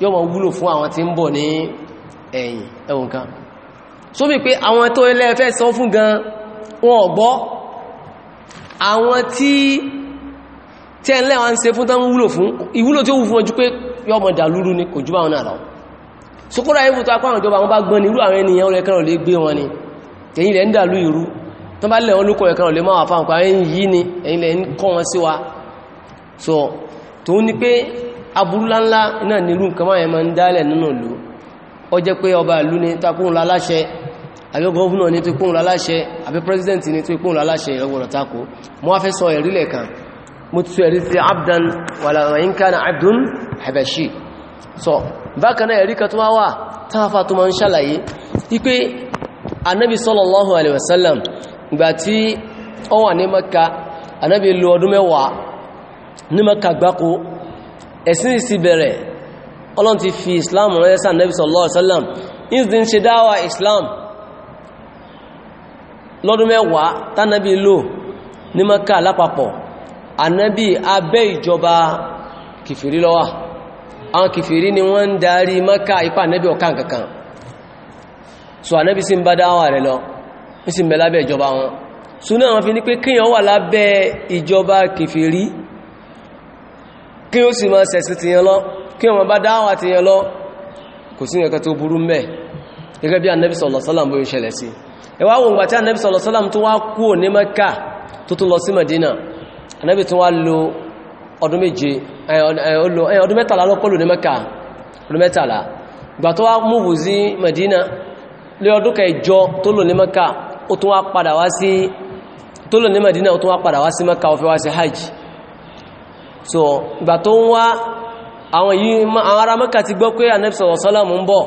yóò máa wúlò fún àwọn tí ń bọ̀ ní ẹ̀yìn ẹ̀wọ̀n kan so bí pé àwọn tó ilẹ̀ fẹ́ sọ fún gan wọn ọ̀gbọ́ àwọn tí tí ẹ̀lẹ́ wọn se fún tán wúlò fún ìwúlò tí ó wù fún ojú pé yóò máa dàlúrú ní kò jú bá wọn náà lọ sókúrà ìbù tó apá ìjọba wọn bá gbọ́n ní irú àwọn ènìyàn ó lẹ́kẹ́rọ̀ lè gbé wọn ni tẹ̀yìn lẹ́ ń dàlú ìrú tó bá lẹ̀ wọn lókọ̀ ẹ̀kẹ́rọ̀ lè máa wà fáwọn pàáyìn yìí ni so tó pé aburúláńlá náà nírú nǹkan máa ẹ̀mọ̀ ń dálẹ̀ nínú ìlú ó jẹ́ pé ọba ìlú ni takóhùn láláṣẹ àbí gọ́ọ̀fúnà ni tó kóhùn láláṣẹ àbí president ni tó kóhùn láláṣẹ ìrọgbọ̀rọ̀ takó mo wá fẹ́ sọ ẹ̀rí lẹ́kan mo tún ẹ̀rí sí abdan wala in kana abdun habashi so bákan náà ẹ̀rí kan tó wá wà táfà tó máa ń ṣàlàyé wípé wasallam ìgbà tí ó wà ní maka anabi lo ọdún mẹ́wàá ní ẹ̀sìn sì bẹ̀rẹ̀ ọlọ́run ti fi islam rẹ̀ sáà nẹ́bí sallallahu alaihi ṣe dáwà islam lọ́dún mẹ́wàá tánàbí lò ní mẹ́kà lápapọ̀ ànábì abẹ́ ìjọba kìfìrí lọ́wà àwọn kìfìrí ni wọ́n ń darí mẹ́kà ipá ànábì ọ̀kan kankan so ànábì sì ń bá dáwà rẹ̀ lọ ní sì ń bẹ lábẹ́ ìjọba wọn so náà wọ́n fi ní pé kíyàn wà lábẹ́ ìjọba kìfìrí kí ó sì máa sẹ̀sì ti yẹn lọ kí ọmọ bá dáwà ti yẹn lọ kò sí ẹ̀kẹ́ tó burú mẹ́ gẹ́gẹ́ bí anẹ́bí sọ̀lọ̀sọ́làm bó ṣẹlẹ̀ sí ẹwà wọn gbà tí anẹ́bí sọ̀lọ̀sọ́làm tó wá kú ní Mẹ́kà tó tó lọ sí Mẹ́dínà anẹ́bí tó wá lo ọdún méje ọdún mẹ́tàlá lọ́pọ̀lù ní Mẹ́kà ọdún mẹ́tàlá gbà tó wá múbù sí Mẹ́dínà lé ọdún kẹjọ tó lò ní Mẹ́kà ó tún wá padà wá sí tó lò ní wá padà wá sí Mẹ́kà ó fẹ́ wá sí hajj so ìgbà tó ń wá àwọn yìí àwọn ará Mẹ́kà ti gbọ́ pé Ànábì sọ̀rọ̀sọ́lọ́mù ń bọ̀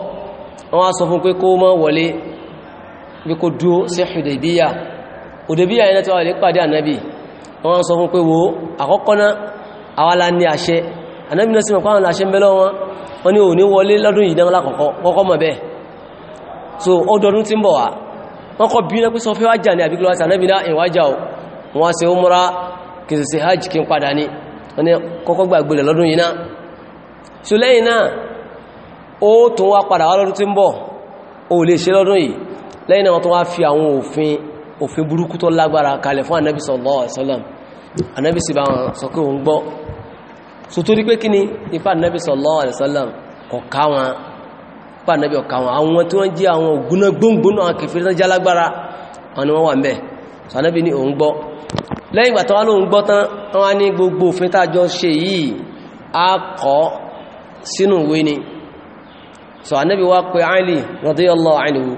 wọ́n á sọ fún pé kó má wọlé bí kó dúó sí Hudaybiya Hudaybiya yẹn tó wà lè pàdé Ànábì wọ́n á sọ fún pé wo àkọ́kọ́ náà àwa la ní àṣẹ Ànábì náà sì mọ̀ pàwọn àṣẹ mẹ́lọ wọn wọ́n ní ò ní wọlé lọ́dún yìí dánwọ́lá kọ́kọ́ mọ̀ bẹ́ẹ̀ so ọdọọdún tí ń bọ̀ wá wọ́n kọ́ bí lẹ́pẹ́ sọ fẹ́ wájà ní àbíkúlọ́wà sí Ànábì náà ìwájà ò wọ́n á ṣe ó múra kìí sí hajj kí ń padà wọ́n ní kọ́kọ́ gbàgbé rẹ̀ lọ́dún yìí náà so lẹ́yìn náà ó tún wá padà wá lọ́dún tí ń bọ̀ o lè ṣe lọ́dún yìí lẹ́yìn náà wọ́n tún wá fi àwọn òfin òfin burúkú tó lágbára kalẹ̀ fún anábì sallallahu alaihi wasallam anábì sì bá wọn sọ pé òun gbọ́ so torí pé kíni ipa anábì sallallahu alaihi wasallam kò ká wọn ipa anábì ọ̀ká wọn àwọn tí lẹ́yìn ìgbà tó wá lóhun gbọ́tán wọ́n wá ní gbogbo òfin tàjọ ṣe yìí a kọ́ sínú ìwé ni so anábi wá pé Ali radiyallahu anhu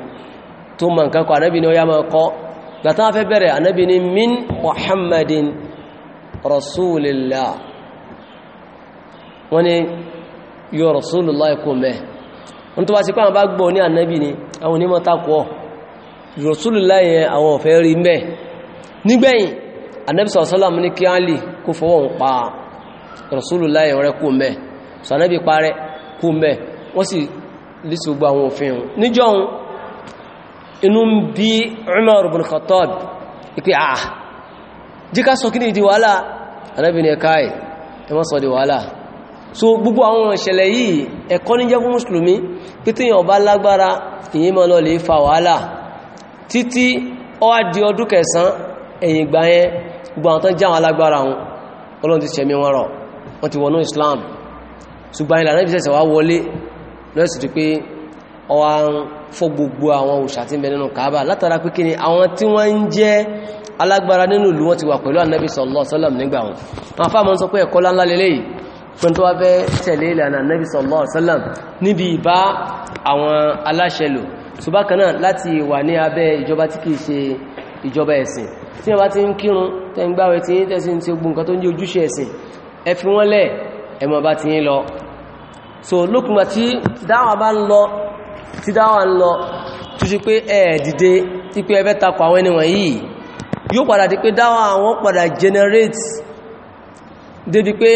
tó mọ̀ nǹkan kọ́ anábi ni ó yá máa kọ́ gbàtán fẹ́ bẹ̀rẹ̀ nígbẹ̀yìn anabi sọ̀sọ́làmù ní kí alì kó fọwọ́ ń pa Rasulullah rẹ̀ kú mẹ́ sọ anabi parẹ́ kú mẹ́ wọ́n sì lísì gbogbo àwọn òfin hùn níjọ́ inú ń bí Umar ibn Khattab ipe àà jíká sọ kíni di wàhálà anabi ní ẹ̀ka ẹ̀ ẹmọ́ sọ di wàhálà so gbogbo àwọn ìṣẹ̀lẹ̀ yìí ẹ̀yìn ìgbà yẹn gbogbo àwọn tó já wọn alágbára wọn ọlọ́run ti ṣẹ̀mí wọn rọ̀ wọ́n ti wọnú Islam ṣùgbọ́n ìlànà ìbísẹ̀sẹ̀ wá wọlé lọ́sì ti pé ọwá ń fọ́ gbogbo àwọn òṣà tí ń bẹ nínú Kaaba látara pé kíni àwọn tí wọ́n ń jẹ́ alágbára nínú ìlú wọn ti wà pẹ̀lú Ànábì sallallahu alaihi wasallam nígbà wọn àwọn afáàmọ́ sọ pé ẹ̀kọ́ láńlá lélẹ́yìí fún tó wá fẹ́ tẹ̀lé ìlànà Ànábì sallallahu alaihi wasallam níbi ìbá àwọn aláṣẹlò ṣùgbọ́n kan náà láti wà ní abẹ́ ìjọba tí ìjọba ẹ̀sìn tí wọ́n bá ti ń kírun tẹ́ǹgbáwẹ̀ tí yí tẹ́sí tí ogun nǹkan tó ń jẹ́ ojúṣe ẹ̀sìn ẹ fi wọ́n lẹ̀ ẹmọ bá ti ń lọ so lókùnmà tí dáwà bá ń lọ tí dáwà ń lọ tó ṣe pé ẹ dìde tí pé ẹfẹ́ takọ àwọn ènìyàn yìí yóò padà di pé dáwà àwọn padà generate débi pé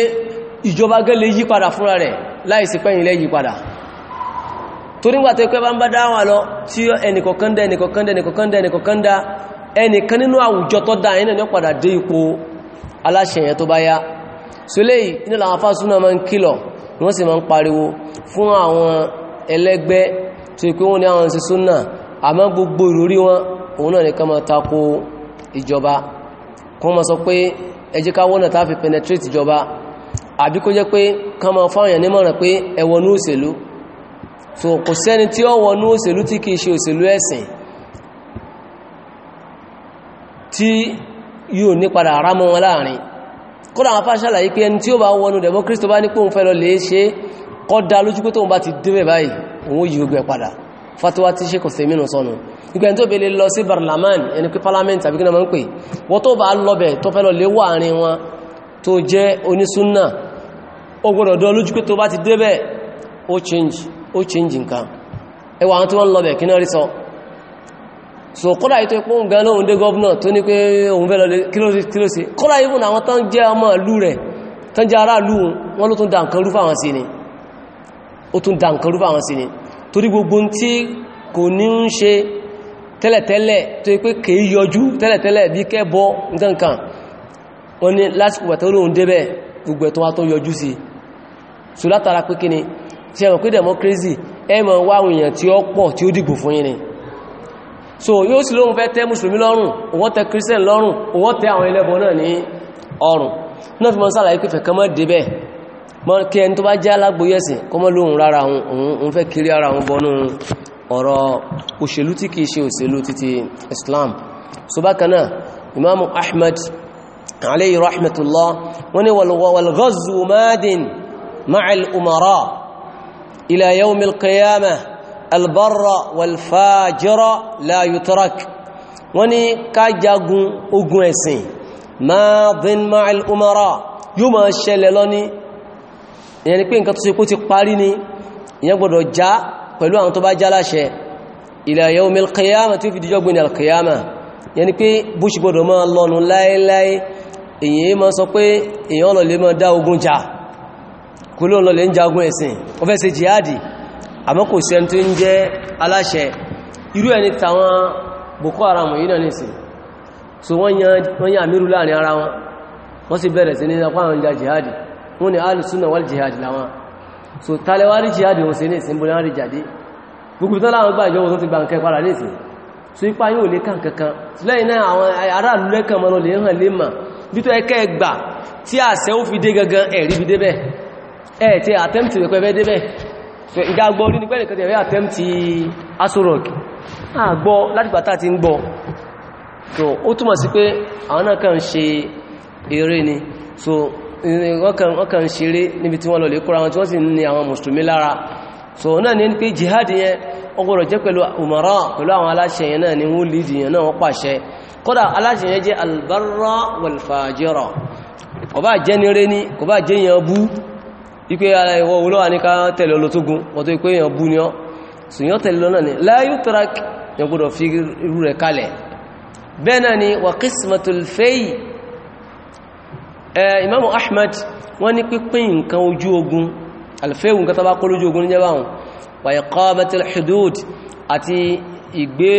ìjọba gẹ́lẹ̀ yí padà fúnra rẹ̀ láìsí tó ẹkẹ́ bá ń bá dáwà lọ tí ẹnìkọ̀kọ́ndá ẹnìkọ̀kọ́ndá ẹnìkọ̀kọ́ndá ẹnìkọ̀kọ́ndá ẹnìkan nínú àwùjọ tó dáa iná ní padà dé ipò aláṣẹ̀yẹ tó bá yá so lè iná làwọn fásúnà máa ń kílọ̀ wọ́n sì máa ń pariwo fún àwọn ẹlẹ́gbẹ́ tó ikú wọn ní àwọn sísúnà àmọ́ gbogbo ìrórí wọn òun náà nìkan máa tako ìjọba penetrate ìjọba àbí kó jẹ́ pé kán máa fáwọn èèyàn nímọ̀ràn pé so kò sẹ́ni tí ó wọnú òṣèlú tí tí yóò ní padà rámọ́ wọn láàrin kódà àwọn fásàlà yí pé ẹni tí ó bá wọnú dẹ̀mọ́ kristo bá ní pòun fẹ́ lọ lè ṣe kọ́dá lójú pé tóun bá ti débẹ̀ báyìí òun yìí gbẹ̀ padà fatuwa tí ṣe kò fẹ́ mínú sọnù ìgbẹ̀ tó bèèrè lọ sí barlaman ẹni pé parliament àbí change ó change nǹkan ẹwà àwọn tí wọ́n lọ́bẹ̀ kí náà rí sọ so kódà yìí tó pọ́ ǹgan lóhun dé gọ́ọ̀nà tó ní pé òun fẹ́ lọ lè kílòsí kódà yìí fún àwọn tán jẹ́ ọmọ ìlú rẹ̀ tán jẹ́ ará ìlú wọn ló tún dá nǹkan rúfà wọn sí ni ó tún dá nǹkan rúfà wọn sí ni torí gbogbo tí kò ní ń ṣe tẹ́lẹ̀tẹ́lẹ̀ tó pé kèé yọjú tẹ́lẹ̀tẹ́lẹ̀ bí kẹ́bọ nǹkan wọn ni lásìkò tó lóhun débẹ̀ ni ṣe mọ̀ pé democracy ẹ ni so yóò sì lóhun fẹ́ tẹ́ mùsùlùmí lọ́rùn òwọ́n tẹ́ kírísẹ̀n lọ́rùn òwọ́n tẹ́ àwọn ẹlẹ́bọ náà ní ọrùn náà fi mọ́ sálàyé pé fẹ̀kẹ́ mọ́ débẹ̀ mọ́ kí ẹni tó bá jẹ́ alágbóyẹ̀sìn kọ́ mọ́ lóhun rárá òun fẹ́ kiri ara òun bọnú ọ̀rọ̀ òṣèlú tí kìí ṣe òṣèlú albarra walfajira la yutrak wọ́n ní ká jagun ogun ẹ̀sìn maadhin ma'al umara yóò máa ṣẹlẹ̀ lọ́ní ìyẹn ni pé nǹkan tó ṣe kó ti parí ni ìyẹn gbọ́dọ̀ já pẹ̀lú àwọn tó bá já láṣẹ ila yawmil qiyamah tó fi díjọ́gbìn alqiyamah ìyẹn ni pé bush gbọ́dọ̀ máa lọ́nu láíláí èyàn ma sọ pé èyàn lọ lè máa dá ogun jà kúlò lọ lè ń jagun ẹ̀sìn ó fẹ́ ṣe jihadi àmọ́ kò sí ẹni tó ń jẹ́ aláṣẹ irú ẹni tàwọn Boko Haram yìí náà nìsìn so wọ́n yá àmírù láàrin ara wọn wọ́n sì bẹ̀rẹ̀ sí ní apáhàn jà jihadi wọ́n ni alùsúnà wal jihadi láwọn so talẹwárí jihadi wọ́n sí ní ìsìn bóyá rí jáde gbogbo tán láwọn gbà ìjọ wọn tó ti gba nǹkan padà nìsìn so ipa yóò lè kàn kankan lẹ́yìn náà àwọn aráàlú lẹ́kàn mọ́ lè hàn lè mà bí tó ẹkẹ́ gbà tí ẹ̀ tí àtẹ́mtì rẹ̀ pẹ́fẹ́ débẹ̀ so ìdágbọ́ orí ní pẹ́lẹ̀kẹ́ tẹ̀rẹ́ àtẹ́mtì asorok àgbọ́ látìgbàtà ti ń gbọ́ so ó túnmọ̀ sí pé àwọn náà kàn ṣe eré ni so wọ́n kàn ṣe eré níbi tí wọ́n lọ lè kóra wọn tí wọ́n sì ní àwọn mùsùlùmí lára so náà ní pé jihad yẹn ọgbọ̀rọ̀ jẹ́ pẹ̀lú umara pẹ̀lú àwọn aláṣẹ yẹn náà ni wọ́n lìdì yẹn náà wọ́n pàṣẹ kódà aláṣẹ yẹn jẹ́ albarra walfajira kò bá jẹ́ ni rẹ́ ni jẹ́ yẹn bú wípé ara ah, ìwọ olówà ní ká tẹ̀lé olótógún wọ́n tó pé èèyàn bú ní ọ́ sùnyàn tẹ̀lé lọ́nà ní láyú tarak yàn gbọ́dọ̀ fi irú rẹ̀ kalẹ̀ bẹ́ẹ̀ náà ni wà qismatul fay eh, imamu ahmad wọ́n ní pípín nǹkan ojú ogun alfẹ́wù nǹkan tàbá kólójú ogun ní jẹ́bàun wà iqamatul hudud àti ìgbé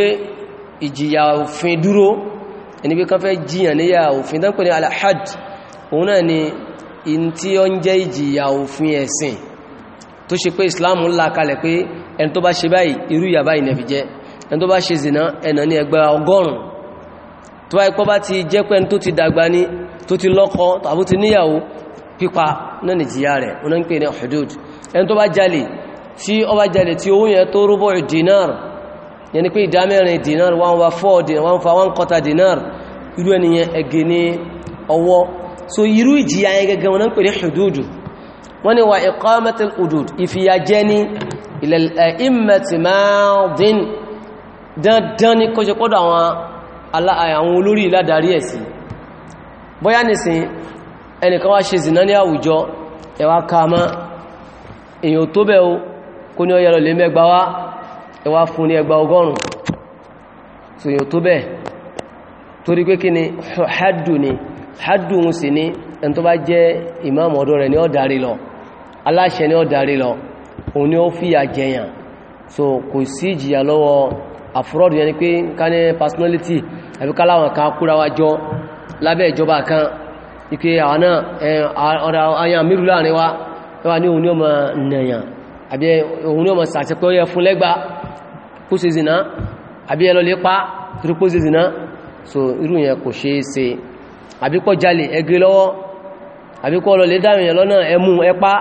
ìjìyà òfin dúró ẹni pé kan fẹ́ jiyàn níyà òfin tán pè ní alhad òun náà ni in tí ó ń jẹ́ ìjìyà òfin ẹ̀sìn tó ṣe pé islam ńlá kalẹ̀ pé ẹni tó bá ṣe báyìí irú ìyà báyìí nẹ̀fì jẹ́ ẹni tó bá ṣe zìnà ẹ̀nà ní ẹgbẹ́ ọgọ́rùn tó bá ipọ́ bá ti jẹ́ pé ẹni tó ti dàgbà ní tó ti lọ́kọ tàbí ti níyàwó pípa náà ní ìjìyà rẹ̀ ó náà ń pè ní hudud ẹni tó bá jalè tí ó bá jalè ọwọ́ so irú ìjìyà yẹn gẹ́gẹ́ wọn ń pè ní hududu wọ́n ni wa iqamatul hudud ìfìyàjẹ́ ní ilẹ̀ ìmẹ̀tì máàdín dandan ní kó ṣe pọ́dọ̀ àwọn olórí ìlàdarí ẹ̀sì bóyá nìsìn ẹnìkan wá ṣe zìnà ní àwùjọ ẹwà kàmá èyàn haddun sì ní ẹni tó bá jẹ́ imam ọ̀dọ́ rẹ̀ ní ọ̀darí lọ aláṣẹ ní ọ̀darí lọ òun ni ó fìyà jẹyàn so kò sí ìjìyà lọ́wọ́ àfúrọ́dù yẹn ni pé ká ní personality àbí ká láwọn kan kúra wa jọ lábẹ́ ìjọba kan ike àwọn náà ayan mírù láàrin wa wà ní ni ó mọ nàyàn àbí òun ni ó mọ sàṣẹpẹ́ ó yẹ fún lẹ́gbàá kó ṣe zìnà àbí ẹlọ́lẹ́pá so irú yẹn àbí kó jalè ẹgbẹ́ lọ́wọ́ àbí kó lọ lè dáwọn èèyàn lọ́nà ẹmú ẹpá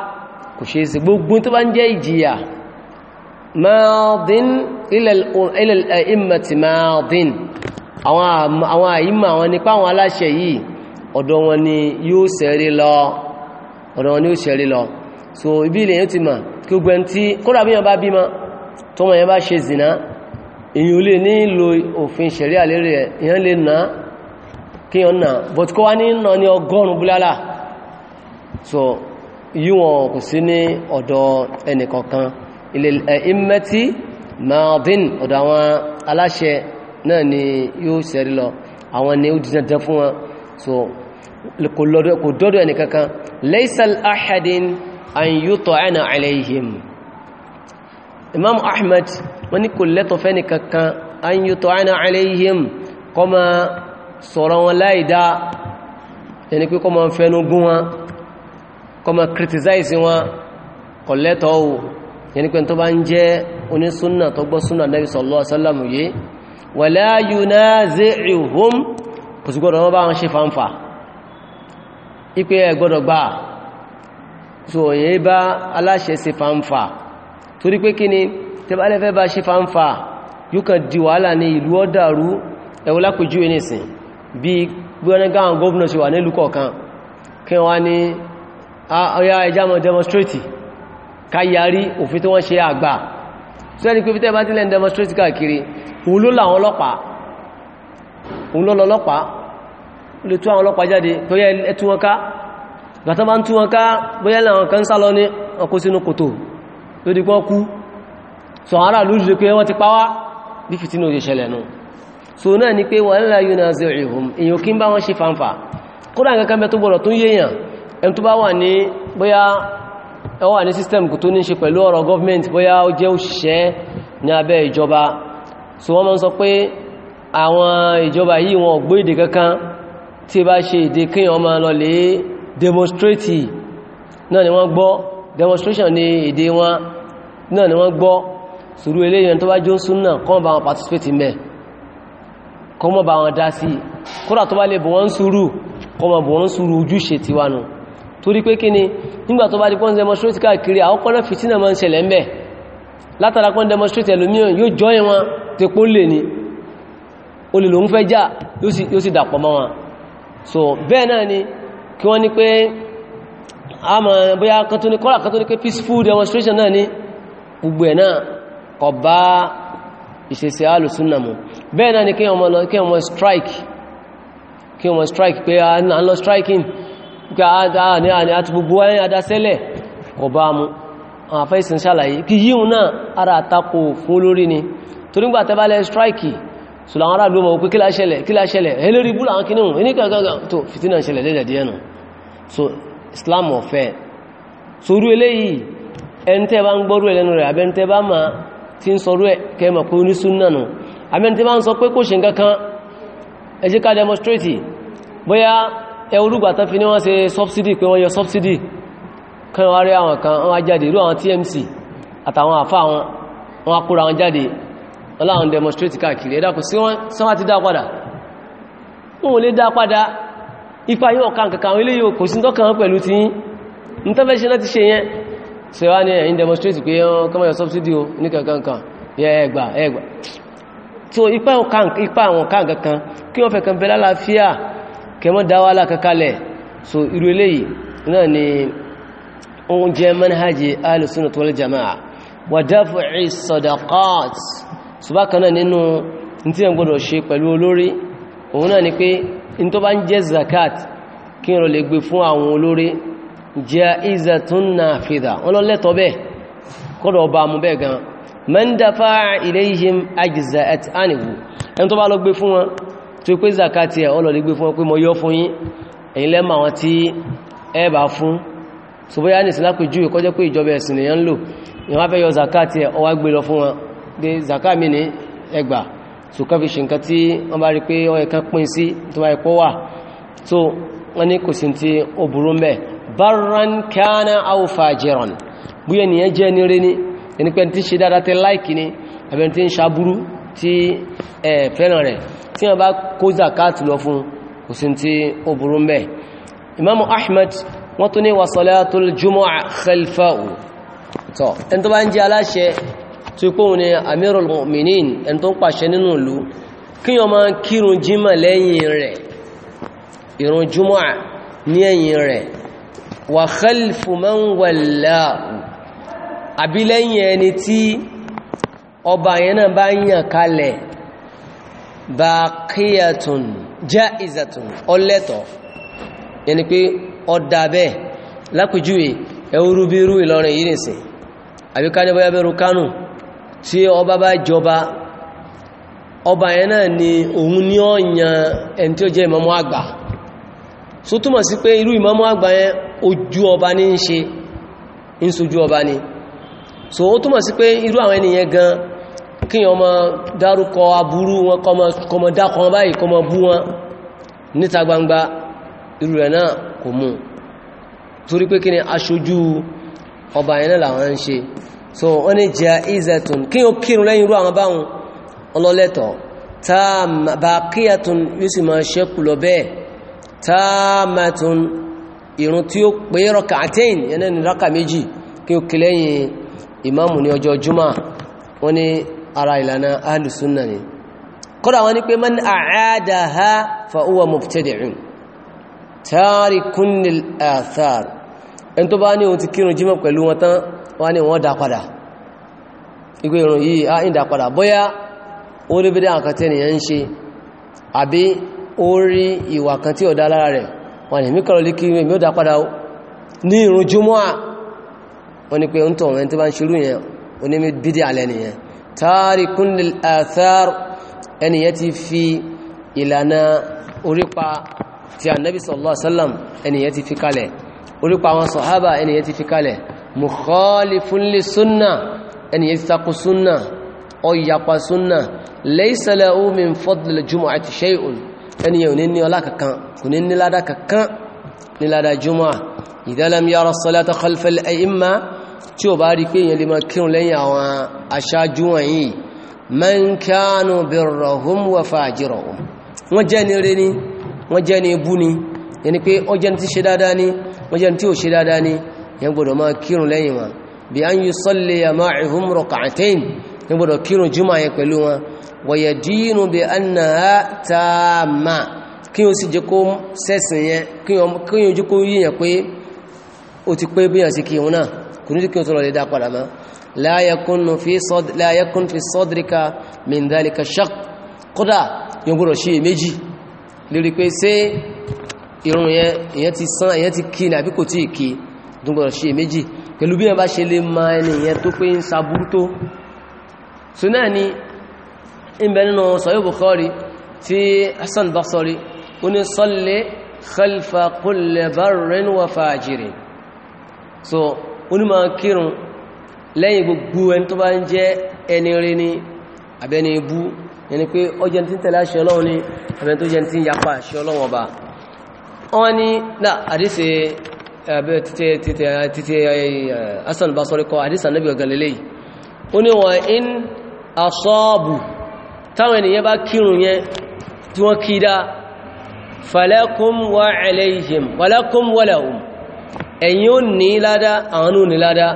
kò ṣe sí gbogbo tó bá ń jẹ́ ìjìyà maadin ilal a'immati maadin àwọn àìmà wọn nípa àwọn aláṣẹ yìí ọ̀dọ̀ wọn ni yóò ṣẹ̀rí lọ so ibi ilẹ̀ yóò ti mà kí ó gbẹ̀n tí kódà bí yàn bá bímọ tó mọ̀ yẹn bá ṣe zìnà èyàn lè ní ìlò òfin ṣẹ̀rí àlérè èyàn lè náà kí yàn náà but kó wá ní nà ní ọgọ́rùn búlálà so yí wọn kò sí ní ọ̀dọ̀ ẹnìkọ̀kan ilẹ̀ ìmẹ́tí maadin ọ̀dọ̀ àwọn aláṣẹ náà ni yóò sẹ́rí lọ àwọn ni ó dìjẹ́ fún wọn so kò dọ́dọ̀ ẹnìkankan laysal ahadin an yut'ana alayhim imam ahmed wọ́n ní kò lẹ́tọ̀ fẹ́nìkankan an yut'ana alayhim kọ́ sọ̀rọ̀ wọn láì dá ẹni pé kọ́ ma ń fẹnu gún wọn kọ́ ma criticize wọn kọ̀ lẹ́tọ̀ o ẹni pé tó bá ń jẹ́ onísúnnà tó gbọ́ súnnà Nabi sallallahu alaihi wasallam yìí wala yunazi'uhum kò sí gbọ́dọ̀ wọ́n bá wọn ṣe fanfà ipe ẹ gbọ́dọ̀ gbà so èyí bá aláṣẹ ṣe fanfà torí pé kí ni tẹ́bálẹ́fẹ́ bá ṣe fanfà yóò kàn di wàhálà ní ìlú ọ̀dàrú ẹ̀wọ́lápẹ̀jú ẹnìsìn bí gbọ́nẹ́gá àwọn gómìnà ṣe wà nílùú kọ̀ọ̀kan kí wọ́n ní ọya ẹjá mọ̀ demonstrate káyàrí òfin tí wọ́n ṣe àgbà tó ẹni pé pítẹ́ bá tílẹ̀ ń demonstrate káàkiri òun ló làwọn ọlọ́pàá òun ló lọ́lọ́pàá lè tú àwọn ọlọ́pàá jáde tó yẹ ẹtú wọn ká gbàtọ́ bá ń tú wọn ká bóyá làwọn kan sá lọ ní ọkọ sínú kòtò lódìpọ̀ kú sọ ara lójú pé wọ́n ti pawá bí fìtínú so náà ni pé wọ́n ńlá yunazi'uhum èyàn kí ń bá wọn ṣe fanfà kódà nǹkan kan bẹ tó gbọ́dọ̀ tó yéèyàn ẹni tó bá wà ní bóyá ó ní system kò tó ní ṣe pẹ̀lú ọ̀rọ̀ government bóyá ó jẹ́ òṣìṣẹ́ ní abẹ́ ìjọba so wọ́n máa sọ pé àwọn ìjọba yìí wọn gbọ́ èdè kankan ni wọ́n demonstration ní èdè wọn ni wọ́n gbọ́ sùúrù eléyàn tó bá jó súnnà kọ́n bá wọn participate mẹ́ kọ́ mọ́ bá wọn dá sí kódà tó bá lè bọ̀ wọ́n sùúrù kọ́ mọ́ bọ̀ wọ́n sùúrù ojúṣe ti wà nù torí pé kí ni nígbà tó bá di pọ́n demonstrate káàkiri àkọ́kọ́ náà fìtínà máa ń ṣẹlẹ̀ ń bẹ̀ so bẹ́ẹ̀ ni kí wọ́n ní pé a mọ̀ bóyá kan peaceful demonstration náà ni gbogbo ẹ̀ ìṣẹ̀ṣẹ̀ alùsúnnàmù bẹ́ẹ̀ náà ni kí ọmọ lọ kí ọmọ strike kí ọmọ strike pé a ń lọ striking kí a ní àti gbogbo ẹni adásẹ́lẹ̀ ọba mú àwọn afẹ́sìn ṣàlàyé kí yíò náà ara àtakò fún olórí ni tó nígbà tẹ́bálẹ̀ strike sùlọ àwọn aráàlú ọmọ òkú kíláṣẹlẹ̀ kíláṣẹlẹ̀ elórí búlọ̀ àwọn kìnnìún ní kankan tí ń sọrú ẹ̀ kẹmọ̀ pé ní súnnà nù amẹ́ni tí bá ń sọ pé kò ṣe nǹkan kan ẹ jẹ́ ká demonstrate bóyá ẹwúrúgbà tán fi ní wọ́n ṣe subsidy pé wọ́n yọ subsidy kan wá rí àwọn kan wọ́n jáde irú àwọn TMC àtàwọn àfá wọn wọ́n kúra wọn jáde ọláwọn demonstrate se wá ní ẹ̀yìn demonstrate pé ẹ̀yàn kọmọ̀ yọ subsidy o ní kankankan yẹ ẹgbà ẹgbà tí ó ipa àwọn kankankan kí wọ́n fẹ́ kan bẹ́lá láfíà kẹmọ́ dáwàlá kankalẹ̀ so irú eléyìí náà ni oúnjẹ manhaji alùsùnà tó jama'a wà dáfùí sadaqat ṣùgbọ́n nínú tí wọ́n gbọ́dọ̀ ṣe pẹ̀lú olórí òun náà ni pé in tó bá ń jẹ́ zakat kí wọ́n lè gbé fún àwọn olórí jaizatun nafidha wọ́n lọ lẹ́tọ̀ bẹ́ẹ̀ kọ́dọ̀ ọba mú bẹ́ẹ̀ gan man dafa'a ilayhim ajza'at anhu ẹni bá fún fún wọn so ní ìkọjẹ́ pé ìjọba ẹ̀sìn lò ìwọ́n fẹ́ yọ zakati ẹ̀ ọwá gbé lọ fún wọn pé zaka mi ní ẹgbà so kan ṣe nǹkan tí wọ́n bá rí pé pín sí tó bá so wọ́n ní barran kana aw fajiran bóyá ènìyàn jẹ́ ní rí ní ẹni pé tí ń ṣe dáadáa tẹ láìkì ní àbẹ̀rẹ̀ tí ń ṣàbúrú tí ẹ fẹ́ràn rẹ̀ tí wọ́n bá kó zakat lọ fún kò sí tí ó burú mẹ́ imam ahmed wọ́n tó ní wa salatul jumu'a khalfahu tọ́ ẹni tó bá ń jẹ́ aláṣẹ tó ni amirul mu'minin ẹni tó ń pàṣẹ nínú ìlú kí wọ́n máa kírun jímọ̀ lẹ́yìn rẹ̀ ìrun jumu'a ní ẹ̀yìn rẹ̀ wà khalfu man wallahu àbí lẹ́yìn ẹni tí ọba yẹn náà bá yàn kalẹ̀ baqiyatun jaizatun ọlẹ́tọ̀ yẹni pé ọdá bẹ́ẹ̀ lápìjúwe ẹwúrú bí irú Ìlọrin yìí nìsìn àbí ká ní bóyá bẹ́rù Kánò tí ọba bá jọba ọba yẹn náà ni òun ní ọ̀yàn ẹni tí ó jẹ́ ìmámù àgbà so túmọ̀ sí pé irú ìmámù àgbà yẹn ojú ọba ní ń ṣe ń sojú ọba ni so ó túnmọ̀ sí pé irú àwọn ènìyàn gan kí wọ́n má dárúkọ aburú wọn kọmọ dákọ wọn báyìí kọmọ bú wọn níta gbangba irú rẹ̀ náà kò mú torí pé kí ni aṣojú ọba yẹn náà làwọn ń ṣe so wọ́n ní jẹ́ izetun kí wọ́n kírun lẹ́yìn irú àwọn báwọn ọlọ́lẹ́tọ̀ táàmà bàkíyàtun yóò sì máa ṣẹ́kù lọ bẹ́ẹ̀ táàmàtun ìrun tí ó pé rọ́kà àtẹ́yìn yẹnẹ́ ni rọ́kà méjì kí ó kí lẹ́yìn ìmáàmù ní ọjọ́ juma wọ́n ní ara ìlànà ahlùsúnnà ni kọ́dà wọ́n ní pé man a'adaha fa huwa mubtadi'un tarikun lil athar ẹni tó bá ní ohun ti kírun jímọ̀ pẹ̀lú wọn tán wọ́n ní wọ́n dá ó rí ìwà kan tí ó lára rẹ̀ wọ́n ni míkọ̀rọ̀ lè kí mi ó dá padà ní ìrun jùmọ́ à wọ́n ni pé ń tọ̀rọ̀ ẹni tó bá ń ṣerú yẹn onímí bídí alẹ́ nìyẹn tarikun lil athar ẹniyẹ ti fi ìlànà orípa ti annabi sallallahu alaihi wasallam ẹniyẹ ti fi kalẹ̀ orípa àwọn sọ̀hábà ẹniyàn ní ní ọlá kankan kò ní nílada kankan nílada jùmọ́ ìdálẹ́m yára sọ́látà khalfal a'imma tí ó bá rí pé èyàn lè máa kírun lẹ́yìn àwọn aṣáájú wọ̀nyí man kánú birrahum wa fajirahum wọ́n jẹ́ ni rere ni wọ́n jẹ́ ni ibú ni yẹni pé ní gbọ́dọ̀ kírun jùmọ̀ yẹn pẹ̀lú wọn wọ̀yẹ̀ dínú bí anna tààmà kí o sì jẹ́ kó sẹ́sìn yẹn kí o jẹ́ kó yíyàn pé o ti pé bí yànsí kírun kí o la yakun fi sadrika min dhalika shaq kódà yóò gbọ́dọ̀ ṣe méjì lórí pé ṣé irun yẹn èyàn ti san èyàn ti kí ní àbí kò tí ì kí tó gbọ́dọ̀ ṣe méjì pẹ̀lú bí yàn bá ṣe lè ma ẹni yẹn tó pé ń sa burú tó so náà ni ìbẹ̀ nínú sọ̀yọ́ Bukhari tí Hassan Basri ó ní khalfa kulli barrin wa fajirin so ó ní máa kírun lẹ́yìn gbogbo ẹni tó bá ń jẹ́ ẹni rí ni àbẹ́ni ibú yẹni pé ó jẹ́ tí ń tẹ̀lé àṣẹ Ọlọ́run ni àbẹ́ni tó jẹ́ tí ń yapa àṣẹ Ọlọ́run ọba wọ́n ní náà àdíṣe títí Hassan Basri kọ àdíṣe anábì ọ̀gànlélẹ́yìí ó wọ́n in asọ́ọ̀bù táwọn ènìyàn bá kírun yẹn tí wọ́n kí dá falakum wa alayhim walakum walahum ẹ̀yin ò ní ládá àwọn ò ní ládá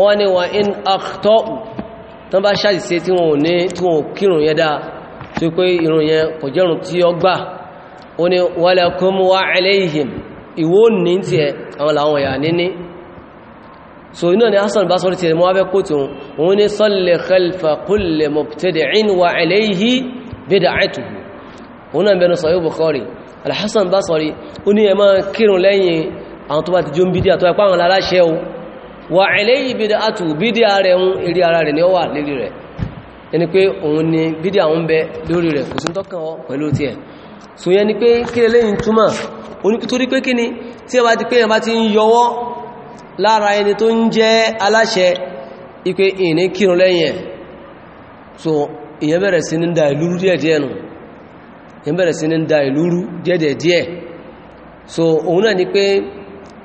wọ́n ni wọ́n in akhta'u tó bá ṣàìsẹ́ tí wọ́n ní tí wọ́n kírun yẹn dá tí pé irun yẹn kò jẹ́rùn tí ó ó ní walakum wa alayhim ìwó ní tí ẹ àwọn làwọn ìyà níní so inú ni Hasan Basri ti mọ́ abẹ́ kótù òun ni salli khalfa kulli mubtadi'in wa alayhi bid'atuhu òun náà bẹnu Sahih Bukhari al-Hasan Basri ó ní ẹ máa kírun lẹ́yìn àwọn tó bá ti jó ń bídí àtọ́ ẹ̀pá àwọn aláṣẹ o wa alayhi bid'atuhu bídí ààrẹ ń eré ara rẹ̀ ni ó wà lérí rẹ̀ ẹni pé òun ni lára ẹni tó ń jẹ́ aláṣẹ ipé ìní kírun lẹ́yìn ẹ̀ so ìyẹn bẹ̀rẹ̀ sí ní da ìlúrú díẹ̀díẹ̀ nù ìyẹn bẹ̀rẹ̀ sí ní da ìlúrú díẹ̀díẹ̀ so òun náà ni pé